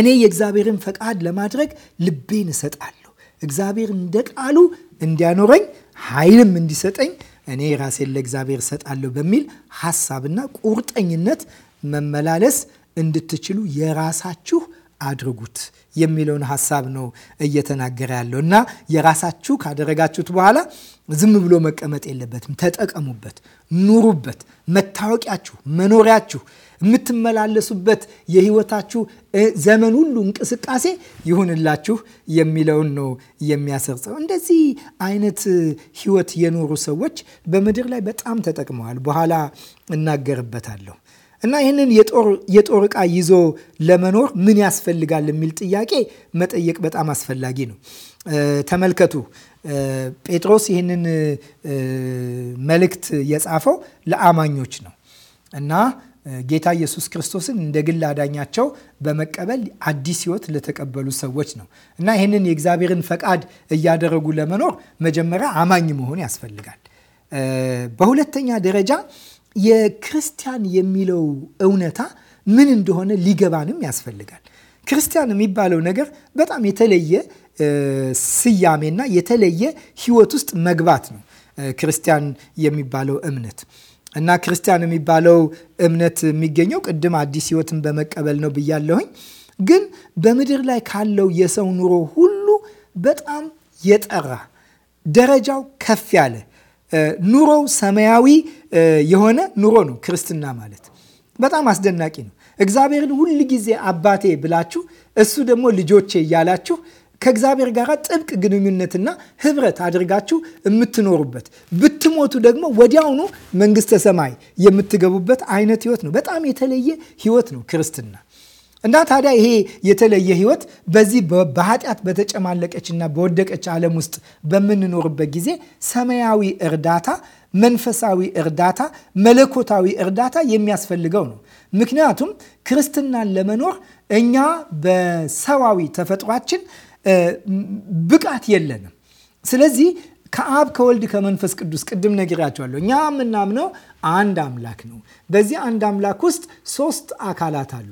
S1: እኔ የእግዚአብሔርን ፈቃድ ለማድረግ ልቤን እሰጣለሁ። እግዚአብሔር እንደ ቃሉ እንዲያኖረኝ ኃይልም እንዲሰጠኝ እኔ ራሴን ለእግዚአብሔር እሰጣለሁ በሚል ሀሳብና ቁርጠኝነት መመላለስ እንድትችሉ የራሳችሁ አድርጉት የሚለውን ሀሳብ ነው እየተናገረ ያለው እና የራሳችሁ ካደረጋችሁት በኋላ ዝም ብሎ መቀመጥ የለበትም። ተጠቀሙበት፣ ኑሩበት። መታወቂያችሁ፣ መኖሪያችሁ፣ የምትመላለሱበት የህይወታችሁ ዘመን ሁሉ እንቅስቃሴ ይሁንላችሁ የሚለውን ነው የሚያሰርጸው። እንደዚህ አይነት ህይወት የኖሩ ሰዎች በምድር ላይ በጣም ተጠቅመዋል። በኋላ እናገርበታለሁ። እና ይህንን የጦር ዕቃ ይዞ ለመኖር ምን ያስፈልጋል የሚል ጥያቄ መጠየቅ በጣም አስፈላጊ ነው። ተመልከቱ ጴጥሮስ ይህንን መልእክት የጻፈው ለአማኞች ነው እና ጌታ ኢየሱስ ክርስቶስን እንደ ግል አዳኛቸው በመቀበል አዲስ ህይወት ለተቀበሉ ሰዎች ነው እና ይህንን የእግዚአብሔርን ፈቃድ እያደረጉ ለመኖር መጀመሪያ አማኝ መሆን ያስፈልጋል። በሁለተኛ ደረጃ የክርስቲያን የሚለው እውነታ ምን እንደሆነ ሊገባንም ያስፈልጋል። ክርስቲያን የሚባለው ነገር በጣም የተለየ ስያሜና የተለየ ሕይወት ውስጥ መግባት ነው። ክርስቲያን የሚባለው እምነት እና ክርስቲያን የሚባለው እምነት የሚገኘው ቅድም አዲስ ሕይወትን በመቀበል ነው ብያለሁኝ። ግን በምድር ላይ ካለው የሰው ኑሮ ሁሉ በጣም የጠራ ደረጃው ከፍ ያለ ኑሮው ሰማያዊ የሆነ ኑሮ ነው ክርስትና ማለት። በጣም አስደናቂ ነው። እግዚአብሔርን ሁል ጊዜ አባቴ ብላችሁ እሱ ደግሞ ልጆቼ እያላችሁ ከእግዚአብሔር ጋር ጥብቅ ግንኙነትና ህብረት አድርጋችሁ የምትኖሩበት ብትሞቱ ደግሞ ወዲያውኑ መንግስተ ሰማይ የምትገቡበት አይነት ህይወት ነው። በጣም የተለየ ህይወት ነው ክርስትና። እና ታዲያ ይሄ የተለየ ህይወት በዚህ በኃጢአት በተጨማለቀችና በወደቀች ዓለም ውስጥ በምንኖርበት ጊዜ ሰማያዊ እርዳታ፣ መንፈሳዊ እርዳታ፣ መለኮታዊ እርዳታ የሚያስፈልገው ነው። ምክንያቱም ክርስትናን ለመኖር እኛ በሰዋዊ ተፈጥሯችን ብቃት የለንም። ስለዚህ ከአብ ከወልድ ከመንፈስ ቅዱስ ቅድም ነግሬያቸዋለሁ። እኛ የምናምነው አንድ አምላክ ነው። በዚህ አንድ አምላክ ውስጥ ሶስት አካላት አሉ።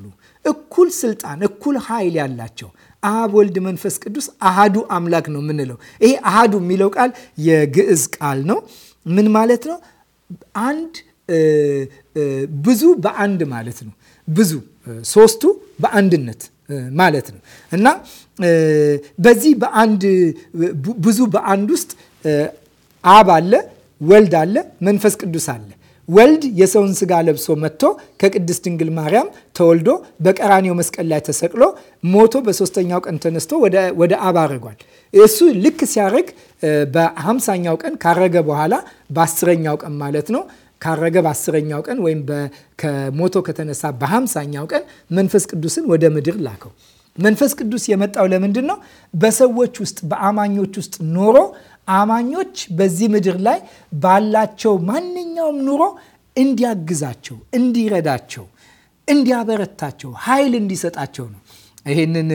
S1: እኩል ስልጣን፣ እኩል ኃይል ያላቸው አብ፣ ወልድ፣ መንፈስ ቅዱስ አሃዱ አምላክ ነው የምንለው። ይሄ አሃዱ የሚለው ቃል የግዕዝ ቃል ነው። ምን ማለት ነው? አንድ ብዙ በአንድ ማለት ነው። ብዙ ሶስቱ በአንድነት ማለት ነው እና በዚህ በአንድ ብዙ በአንድ ውስጥ አብ አለ፣ ወልድ አለ፣ መንፈስ ቅዱስ አለ ወልድ የሰውን ስጋ ለብሶ መጥቶ ከቅድስት ድንግል ማርያም ተወልዶ በቀራኔው መስቀል ላይ ተሰቅሎ ሞቶ በሶስተኛው ቀን ተነስቶ ወደ አብ አርጓል። እሱ ልክ ሲያርግ በሀምሳኛው ቀን ካረገ በኋላ በአስረኛው ቀን ማለት ነው ካረገ በአስረኛው ቀን ወይም ከሞቶ ከተነሳ በሀምሳኛው ቀን መንፈስ ቅዱስን ወደ ምድር ላከው። መንፈስ ቅዱስ የመጣው ለምንድን ነው? በሰዎች ውስጥ በአማኞች ውስጥ ኖሮ አማኞች በዚህ ምድር ላይ ባላቸው ማንኛውም ኑሮ እንዲያግዛቸው፣ እንዲረዳቸው፣ እንዲያበረታቸው፣ ኃይል እንዲሰጣቸው ነው። ይህንን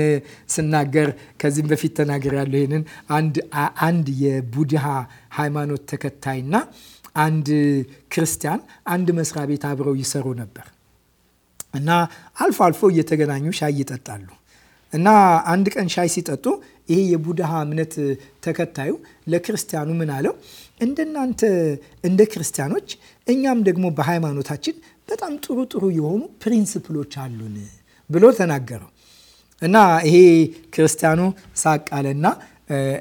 S1: ስናገር ከዚህም በፊት ተናገር ያለው ይህንን አንድ የቡድሃ ሃይማኖት ተከታይና አንድ ክርስቲያን አንድ መስሪያ ቤት አብረው ይሰሩ ነበር እና አልፎ አልፎ እየተገናኙ ሻይ ይጠጣሉ እና አንድ ቀን ሻይ ሲጠጡ ይሄ የቡድሃ እምነት ተከታዩ ለክርስቲያኑ ምን አለው? እንደናንተ እንደ ክርስቲያኖች እኛም ደግሞ በሃይማኖታችን በጣም ጥሩ ጥሩ የሆኑ ፕሪንስፕሎች አሉን ብሎ ተናገረው እና ይሄ ክርስቲያኑ ሳቅ አለና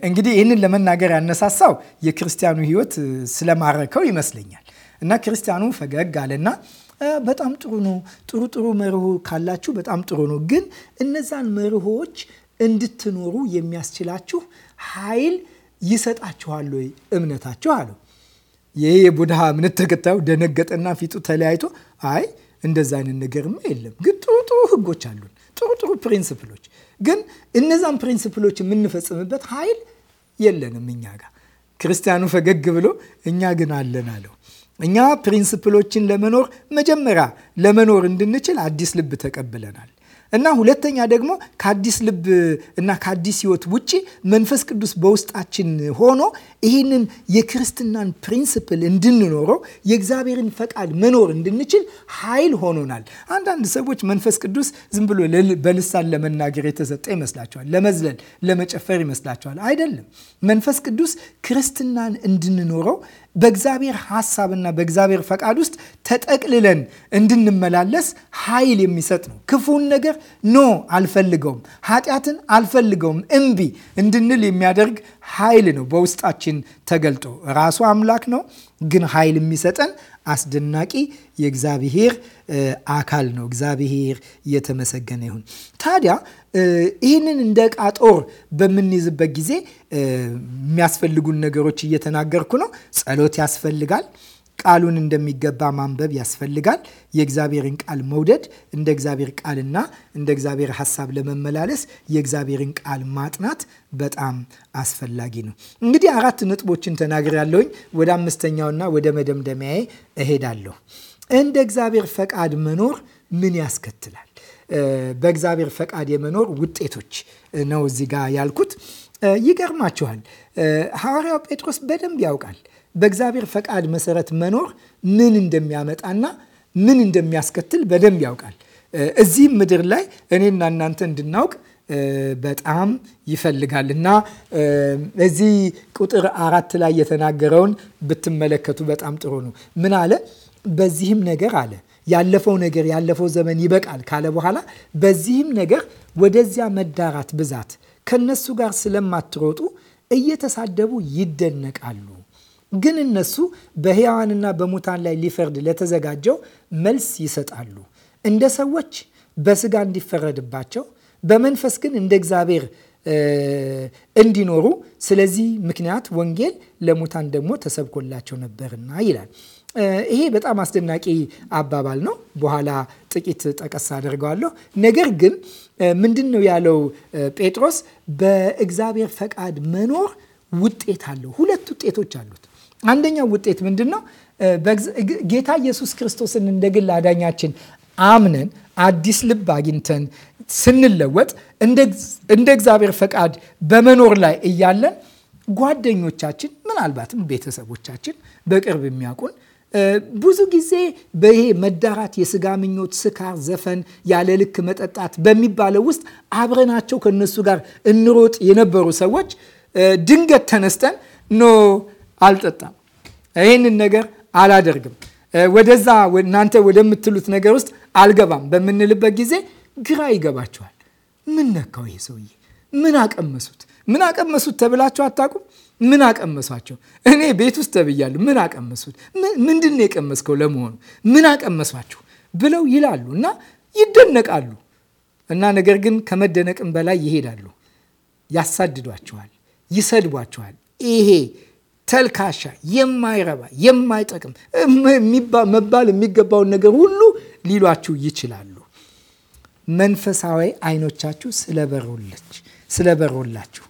S1: እንግዲህ ይህንን ለመናገር ያነሳሳው የክርስቲያኑ ህይወት ስለማረከው ይመስለኛል። እና ክርስቲያኑ ፈገግ አለና በጣም ጥሩ ነው፣ ጥሩ ጥሩ መርሆ ካላችሁ በጣም ጥሩ ነው፣ ግን እነዛን መርሆዎች እንድትኖሩ የሚያስችላችሁ ኃይል ይሰጣችኋል ወይ እምነታችሁ አለው። ይህ የቡድሃ እምነት ተከታዩ ደነገጠና ፊቱ ተለያይቶ አይ እንደዛ አይነት ነገርማ የለም፣ ግን ጥሩ ጥሩ ህጎች አሉን፣ ጥሩ ጥሩ ፕሪንስፕሎች፣ ግን እነዛን ፕሪንስፕሎች የምንፈጽምበት ኃይል የለንም እኛ ጋር። ክርስቲያኑ ፈገግ ብሎ እኛ ግን አለን አለው። እኛ ፕሪንስፕሎችን ለመኖር መጀመሪያ ለመኖር እንድንችል አዲስ ልብ ተቀብለናል። እና ሁለተኛ ደግሞ ከአዲስ ልብ እና ከአዲስ ህይወት ውጭ መንፈስ ቅዱስ በውስጣችን ሆኖ ይህንን የክርስትናን ፕሪንስፕል እንድንኖረው የእግዚአብሔርን ፈቃድ መኖር እንድንችል ኃይል ሆኖናል። አንዳንድ ሰዎች መንፈስ ቅዱስ ዝም ብሎ በልሳን ለመናገር የተሰጠ ይመስላቸዋል። ለመዝለል፣ ለመጨፈር ይመስላቸዋል። አይደለም። መንፈስ ቅዱስ ክርስትናን እንድንኖረው በእግዚአብሔር ሐሳብና በእግዚአብሔር ፈቃድ ውስጥ ተጠቅልለን እንድንመላለስ ኃይል የሚሰጥ ነው። ክፉን ነገር ኖ አልፈልገውም፣ ኃጢአትን አልፈልገውም፣ እምቢ እንድንል የሚያደርግ ኃይል ነው በውስጣችን ተገልጦ። ራሱ አምላክ ነው፣ ግን ኃይል የሚሰጠን አስደናቂ የእግዚአብሔር አካል ነው። እግዚአብሔር እየተመሰገነ ይሁን። ታዲያ ይህንን እንደ ዕቃ ጦር በምንይዝበት ጊዜ የሚያስፈልጉን ነገሮች እየተናገርኩ ነው። ጸሎት ያስፈልጋል። ቃሉን እንደሚገባ ማንበብ ያስፈልጋል። የእግዚአብሔርን ቃል መውደድ፣ እንደ እግዚአብሔር ቃልና እንደ እግዚአብሔር ሀሳብ ለመመላለስ የእግዚአብሔርን ቃል ማጥናት በጣም አስፈላጊ ነው። እንግዲህ አራት ነጥቦችን ተናግሬያለሁኝ። ወደ አምስተኛውና ወደ መደምደሚያዬ እሄዳለሁ። እንደ እግዚአብሔር ፈቃድ መኖር ምን ያስከትላል? በእግዚአብሔር ፈቃድ የመኖር ውጤቶች ነው እዚህ ጋር ያልኩት። ይገርማችኋል፣ ሐዋርያው ጴጥሮስ በደንብ ያውቃል በእግዚአብሔር ፈቃድ መሰረት መኖር ምን እንደሚያመጣና ምን እንደሚያስከትል በደንብ ያውቃል። እዚህ ምድር ላይ እኔና እናንተ እንድናውቅ በጣም ይፈልጋል እና እዚህ ቁጥር አራት ላይ የተናገረውን ብትመለከቱ በጣም ጥሩ ነው። ምን አለ? በዚህም ነገር አለ ያለፈው ነገር ያለፈው ዘመን ይበቃል ካለ በኋላ በዚህም ነገር ወደዚያ መዳራት ብዛት ከነሱ ጋር ስለማትሮጡ እየተሳደቡ ይደነቃሉ። ግን እነሱ በሕያዋንና በሙታን ላይ ሊፈርድ ለተዘጋጀው መልስ ይሰጣሉ። እንደ ሰዎች በስጋ እንዲፈረድባቸው፣ በመንፈስ ግን እንደ እግዚአብሔር እንዲኖሩ ስለዚህ ምክንያት ወንጌል ለሙታን ደግሞ ተሰብኮላቸው ነበርና ይላል። ይሄ በጣም አስደናቂ አባባል ነው። በኋላ ጥቂት ጠቀስ አደርገዋለሁ። ነገር ግን ምንድን ነው ያለው ጴጥሮስ? በእግዚአብሔር ፈቃድ መኖር ውጤት አለው። ሁለት ውጤቶች አሉት። አንደኛው ውጤት ምንድን ነው? ጌታ ኢየሱስ ክርስቶስን እንደ ግል አዳኛችን አምነን አዲስ ልብ አግኝተን ስንለወጥ እንደ እግዚአብሔር ፈቃድ በመኖር ላይ እያለን ጓደኞቻችን ምናልባትም ቤተሰቦቻችን በቅርብ የሚያውቁን ብዙ ጊዜ በይሄ መዳራት፣ የስጋ ምኞት፣ ስካር፣ ዘፈን፣ ያለ ልክ መጠጣት በሚባለው ውስጥ አብረናቸው ከነሱ ጋር እንሮጥ የነበሩ ሰዎች ድንገት ተነስተን ኖ አልጠጣም፣ ይህንን ነገር አላደርግም፣ ወደዛ እናንተ ወደምትሉት ነገር ውስጥ አልገባም በምንልበት ጊዜ ግራ ይገባቸዋል። ምን ነካው ይሄ ሰውዬ? ምን አቀመሱት? ምን አቀመሱት ተብላችሁ አታውቁም? ምን አቀመሷቸው? እኔ ቤት ውስጥ ተብያለሁ። ምን አቀመሱት? ምንድን ነው የቀመስከው ለመሆኑ? ምን አቀመሷችሁ ብለው ይላሉ እና ይደነቃሉ እና ነገር ግን ከመደነቅም በላይ ይሄዳሉ። ያሳድዷቸዋል፣ ይሰድቧቸዋል። ይሄ ተልካሻ፣ የማይረባ የማይጠቅም መባል የሚገባውን ነገር ሁሉ ሊሏችሁ ይችላሉ። መንፈሳዊ አይኖቻችሁ ስለበሮላችሁ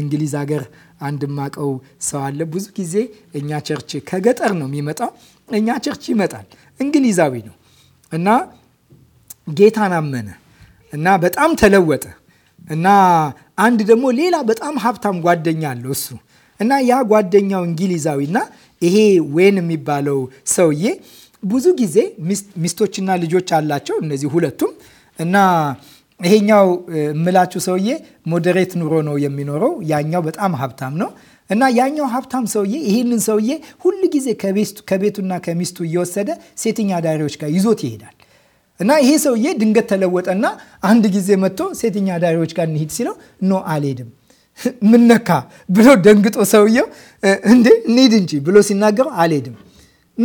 S1: እንግሊዝ ሀገር አንድ ማቀው ሰው አለ። ብዙ ጊዜ እኛ ቸርች ከገጠር ነው የሚመጣው። እኛ ቸርች ይመጣል። እንግሊዛዊ ነው እና ጌታን አመነ እና በጣም ተለወጠ እና አንድ ደግሞ ሌላ በጣም ሀብታም ጓደኛ አለው እሱ እና ያ ጓደኛው እንግሊዛዊና ይሄ ዌን የሚባለው ሰውዬ ብዙ ጊዜ ሚስቶችና ልጆች አላቸው እነዚህ ሁለቱም እና ይሄኛው የምላችሁ ሰውዬ ሞዴሬት ኑሮ ነው የሚኖረው። ያኛው በጣም ሀብታም ነው እና ያኛው ሀብታም ሰውዬ ይህንን ሰውዬ ሁል ጊዜ ከቤቱና ከሚስቱ እየወሰደ ሴተኛ አዳሪዎች ጋር ይዞት ይሄዳል። እና ይሄ ሰውዬ ድንገት ተለወጠና አንድ ጊዜ መጥቶ ሴተኛ አዳሪዎች ጋር እንሂድ ሲለው ኖ አልሄድም፣ ምነካ ብሎ ደንግጦ ሰውየው እንዴ እንሂድ እንጂ ብሎ ሲናገረው አልሄድም፣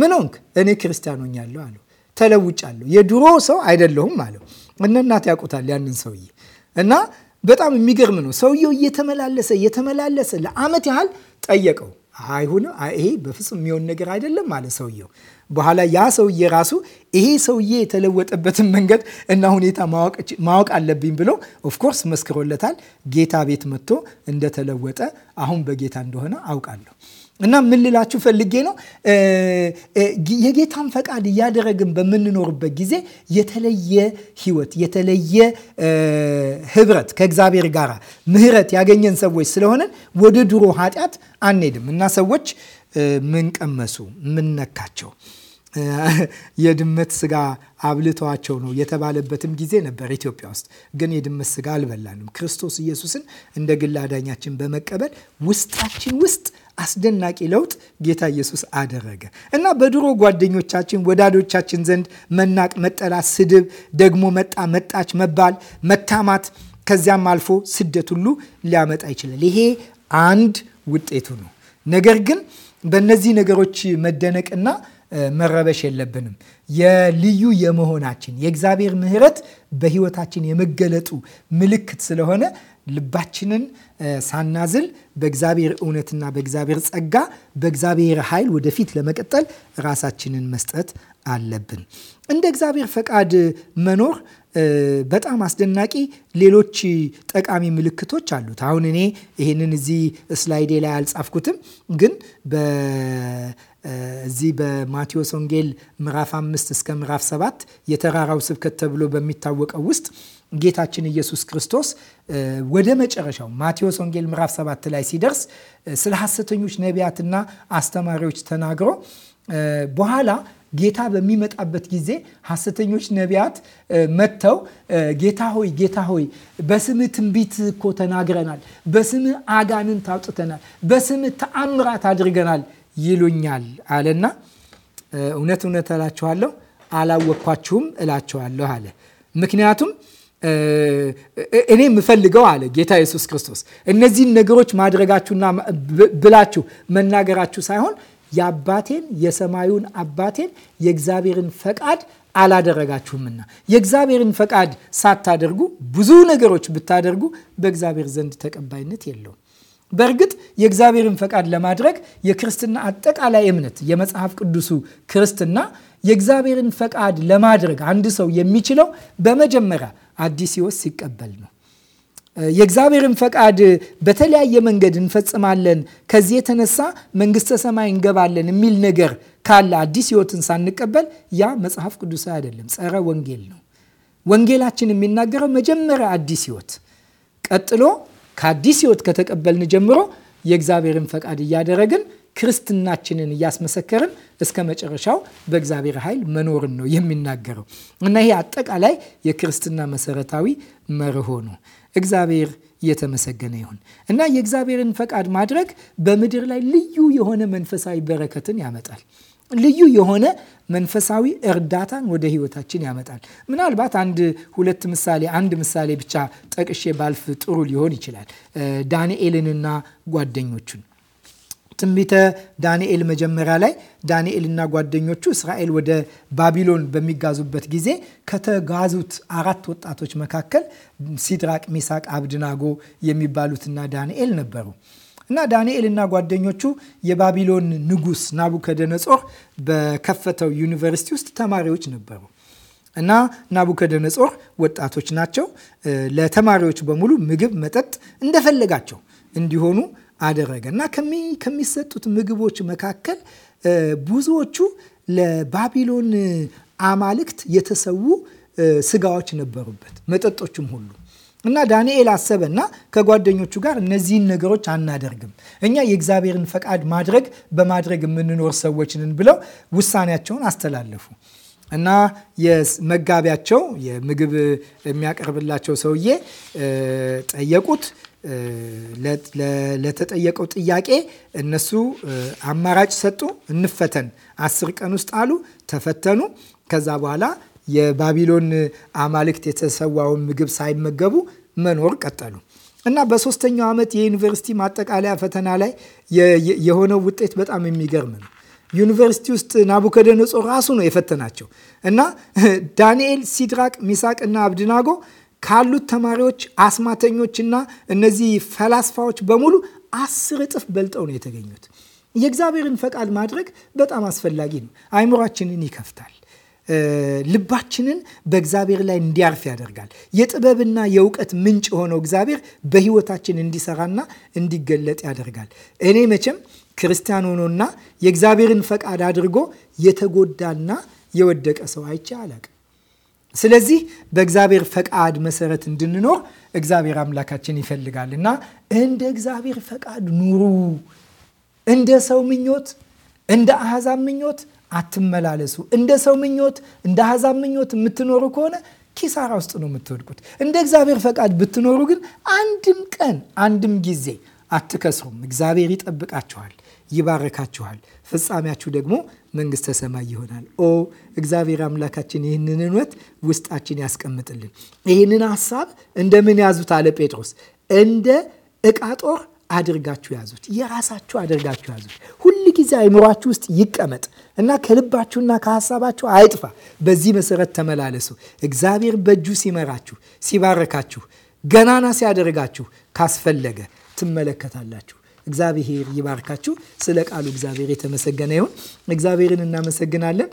S1: ምን ሆንክ? እኔ ክርስቲያን ሆኛለሁ አለው፣ ተለውጫለሁ፣ የድሮ ሰው አይደለሁም አለው። እነ እናት ያውቁታል ያንን ሰውዬ እና በጣም የሚገርም ነው። ሰውየው እየተመላለሰ እየተመላለሰ ለአመት ያህል ጠየቀው። አይሁን ይሄ በፍጹም የሚሆን ነገር አይደለም አለ ሰውየው። በኋላ ያ ሰውዬ ራሱ ይሄ ሰውዬ የተለወጠበትን መንገድ እና ሁኔታ ማወቅ አለብኝ ብሎ ኦፍኮርስ መስክሮለታል። ጌታ ቤት መጥቶ እንደተለወጠ አሁን በጌታ እንደሆነ አውቃለሁ። እና ምን ልላችሁ ፈልጌ ነው የጌታን ፈቃድ እያደረግን በምንኖርበት ጊዜ የተለየ ህይወት፣ የተለየ ህብረት ከእግዚአብሔር ጋር ምህረት ያገኘን ሰዎች ስለሆነን ወደ ድሮ ኃጢአት አንሄድም እና ሰዎች ምንቀመሱ ምንነካቸው የድመት ስጋ አብልተዋቸው ነው የተባለበትም ጊዜ ነበር። ኢትዮጵያ ውስጥ ግን የድመት ስጋ አልበላንም። ክርስቶስ ኢየሱስን እንደ ግል አዳኛችን በመቀበል ውስጣችን ውስጥ አስደናቂ ለውጥ ጌታ ኢየሱስ አደረገ እና በድሮ ጓደኞቻችን፣ ወዳዶቻችን ዘንድ መናቅ፣ መጠላት፣ ስድብ፣ ደግሞ መጣ መጣች መባል፣ መታማት ከዚያም አልፎ ስደት ሁሉ ሊያመጣ ይችላል። ይሄ አንድ ውጤቱ ነው። ነገር ግን በእነዚህ ነገሮች መደነቅና መረበሽ የለብንም። የልዩ የመሆናችን የእግዚአብሔር ምሕረት በሕይወታችን የመገለጡ ምልክት ስለሆነ ልባችንን ሳናዝል በእግዚአብሔር እውነትና በእግዚአብሔር ጸጋ በእግዚአብሔር ኃይል ወደፊት ለመቀጠል ራሳችንን መስጠት አለብን። እንደ እግዚአብሔር ፈቃድ መኖር በጣም አስደናቂ ሌሎች ጠቃሚ ምልክቶች አሉት። አሁን እኔ ይህንን እዚህ ስላይዴ ላይ አልጻፍኩትም፣ ግን እዚህ በማቴዎስ ወንጌል ምዕራፍ አምስት እስከ ምዕራፍ ሰባት የተራራው ስብከት ተብሎ በሚታወቀው ውስጥ ጌታችን ኢየሱስ ክርስቶስ ወደ መጨረሻው ማቴዎስ ወንጌል ምዕራፍ 7 ላይ ሲደርስ ስለ ሐሰተኞች ነቢያትና አስተማሪዎች ተናግሮ በኋላ ጌታ በሚመጣበት ጊዜ ሐሰተኞች ነቢያት መጥተው ጌታ ሆይ ጌታ ሆይ በስም ትንቢት እኮ ተናግረናል፣ በስም አጋንንት አውጥተናል፣ በስም ተአምራት አድርገናል ይሉኛል አለና እውነት እውነት እላችኋለሁ አላወቅኳችሁም እላችኋለሁ አለ። ምክንያቱም እኔ የምፈልገው አለ ጌታ ኢየሱስ ክርስቶስ እነዚህን ነገሮች ማድረጋችሁና ብላችሁ መናገራችሁ ሳይሆን የአባቴን የሰማዩን አባቴን የእግዚአብሔርን ፈቃድ አላደረጋችሁምና የእግዚአብሔርን ፈቃድ ሳታደርጉ ብዙ ነገሮች ብታደርጉ በእግዚአብሔር ዘንድ ተቀባይነት የለውም። በእርግጥ የእግዚአብሔርን ፈቃድ ለማድረግ የክርስትና አጠቃላይ እምነት የመጽሐፍ ቅዱሱ ክርስትና የእግዚአብሔርን ፈቃድ ለማድረግ አንድ ሰው የሚችለው በመጀመሪያ አዲስ ህይወት ሲቀበል ነው። የእግዚአብሔርን ፈቃድ በተለያየ መንገድ እንፈጽማለን፣ ከዚህ የተነሳ መንግስተ ሰማይ እንገባለን የሚል ነገር ካለ አዲስ ህይወትን ሳንቀበል ያ መጽሐፍ ቅዱስ አይደለም፣ ጸረ ወንጌል ነው። ወንጌላችን የሚናገረው መጀመሪያ አዲስ ህይወት ቀጥሎ ከአዲስ ህይወት ከተቀበልን ጀምሮ የእግዚአብሔርን ፈቃድ እያደረግን ክርስትናችንን እያስመሰከርን እስከ መጨረሻው በእግዚአብሔር ኃይል መኖርን ነው የሚናገረው እና ይሄ አጠቃላይ የክርስትና መሰረታዊ መርሆ ነው። እግዚአብሔር እየተመሰገነ ይሁን እና የእግዚአብሔርን ፈቃድ ማድረግ በምድር ላይ ልዩ የሆነ መንፈሳዊ በረከትን ያመጣል። ልዩ የሆነ መንፈሳዊ እርዳታን ወደ ህይወታችን ያመጣል። ምናልባት አንድ ሁለት ምሳሌ አንድ ምሳሌ ብቻ ጠቅሼ ባልፍ ጥሩ ሊሆን ይችላል። ዳንኤልንና ጓደኞቹን ትንቢተ ዳንኤል መጀመሪያ ላይ ዳንኤልና ጓደኞቹ እስራኤል ወደ ባቢሎን በሚጋዙበት ጊዜ ከተጋዙት አራት ወጣቶች መካከል ሲድራቅ፣ ሚሳቅ፣ አብድናጎ የሚባሉትና ዳንኤል ነበሩ። እና ዳንኤል እና ጓደኞቹ የባቢሎን ንጉስ ናቡከደነጾር በከፈተው ዩኒቨርሲቲ ውስጥ ተማሪዎች ነበሩ። እና ናቡከደነጾር ወጣቶች ናቸው። ለተማሪዎች በሙሉ ምግብ፣ መጠጥ እንደፈለጋቸው እንዲሆኑ አደረገ እና ከሚሰጡት ምግቦች መካከል ብዙዎቹ ለባቢሎን አማልክት የተሰዉ ስጋዎች ነበሩበት፣ መጠጦችም ሁሉ እና ዳንኤል አሰበ እና ከጓደኞቹ ጋር እነዚህን ነገሮች አናደርግም፣ እኛ የእግዚአብሔርን ፈቃድ ማድረግ በማድረግ የምንኖር ሰዎች ነን ብለው ውሳኔያቸውን አስተላለፉ። እና የመጋቢያቸው የምግብ የሚያቀርብላቸው ሰውዬ ጠየቁት። ለተጠየቀው ጥያቄ እነሱ አማራጭ ሰጡ። እንፈተን አስር ቀን ውስጥ አሉ። ተፈተኑ። ከዛ በኋላ የባቢሎን አማልክት የተሰዋውን ምግብ ሳይመገቡ መኖር ቀጠሉ እና በሶስተኛው ዓመት የዩኒቨርሲቲ ማጠቃለያ ፈተና ላይ የሆነው ውጤት በጣም የሚገርም ነው። ዩኒቨርሲቲ ውስጥ ናቡከደነጾር ራሱ ነው የፈተናቸው እና ዳንኤል፣ ሲድራቅ፣ ሚሳቅ እና አብድናጎ ካሉት ተማሪዎች አስማተኞችና እነዚህ ፈላስፋዎች በሙሉ አስር እጥፍ በልጠው ነው የተገኙት። የእግዚአብሔርን ፈቃድ ማድረግ በጣም አስፈላጊ ነው። አይምሯችንን ይከፍታል። ልባችንን በእግዚአብሔር ላይ እንዲያርፍ ያደርጋል። የጥበብና የእውቀት ምንጭ የሆነው እግዚአብሔር በሕይወታችን እንዲሰራና እንዲገለጥ ያደርጋል። እኔ መቼም ክርስቲያን ሆኖና የእግዚአብሔርን ፈቃድ አድርጎ የተጎዳና የወደቀ ሰው አይቼ አላቅም። ስለዚህ በእግዚአብሔር ፈቃድ መሰረት እንድንኖር እግዚአብሔር አምላካችን ይፈልጋል እና እንደ እግዚአብሔር ፈቃድ ኑሩ። እንደ ሰው ምኞት፣ እንደ አሕዛብ ምኞት አትመላለሱ። እንደ ሰው ምኞት፣ እንደ አሕዛብ ምኞት የምትኖሩ ከሆነ ኪሳራ ውስጥ ነው የምትወድቁት። እንደ እግዚአብሔር ፈቃድ ብትኖሩ ግን አንድም ቀን አንድም ጊዜ አትከስሩም። እግዚአብሔር ይጠብቃችኋል። ይባረካችኋል፣ ፍጻሜያችሁ ደግሞ መንግስተ ሰማይ ይሆናል። ኦ እግዚአብሔር አምላካችን ይህንን እውነት ውስጣችን ያስቀምጥልን። ይህንን ሀሳብ እንደምን ያዙት አለ ጴጥሮስ። እንደ ዕቃ ጦር አድርጋችሁ ያዙት፣ የራሳችሁ አድርጋችሁ ያዙት። ሁል ጊዜ አይምሯችሁ ውስጥ ይቀመጥ እና ከልባችሁና ከሀሳባችሁ አይጥፋ። በዚህ መሰረት ተመላለሱ። እግዚአብሔር በእጁ ሲመራችሁ፣ ሲባረካችሁ፣ ገናና ሲያደርጋችሁ ካስፈለገ ትመለከታላችሁ። እግዚአብሔር ይባርካችሁ። ስለ ቃሉ እግዚአብሔር የተመሰገነ ይሁን። እግዚአብሔርን እናመሰግናለን።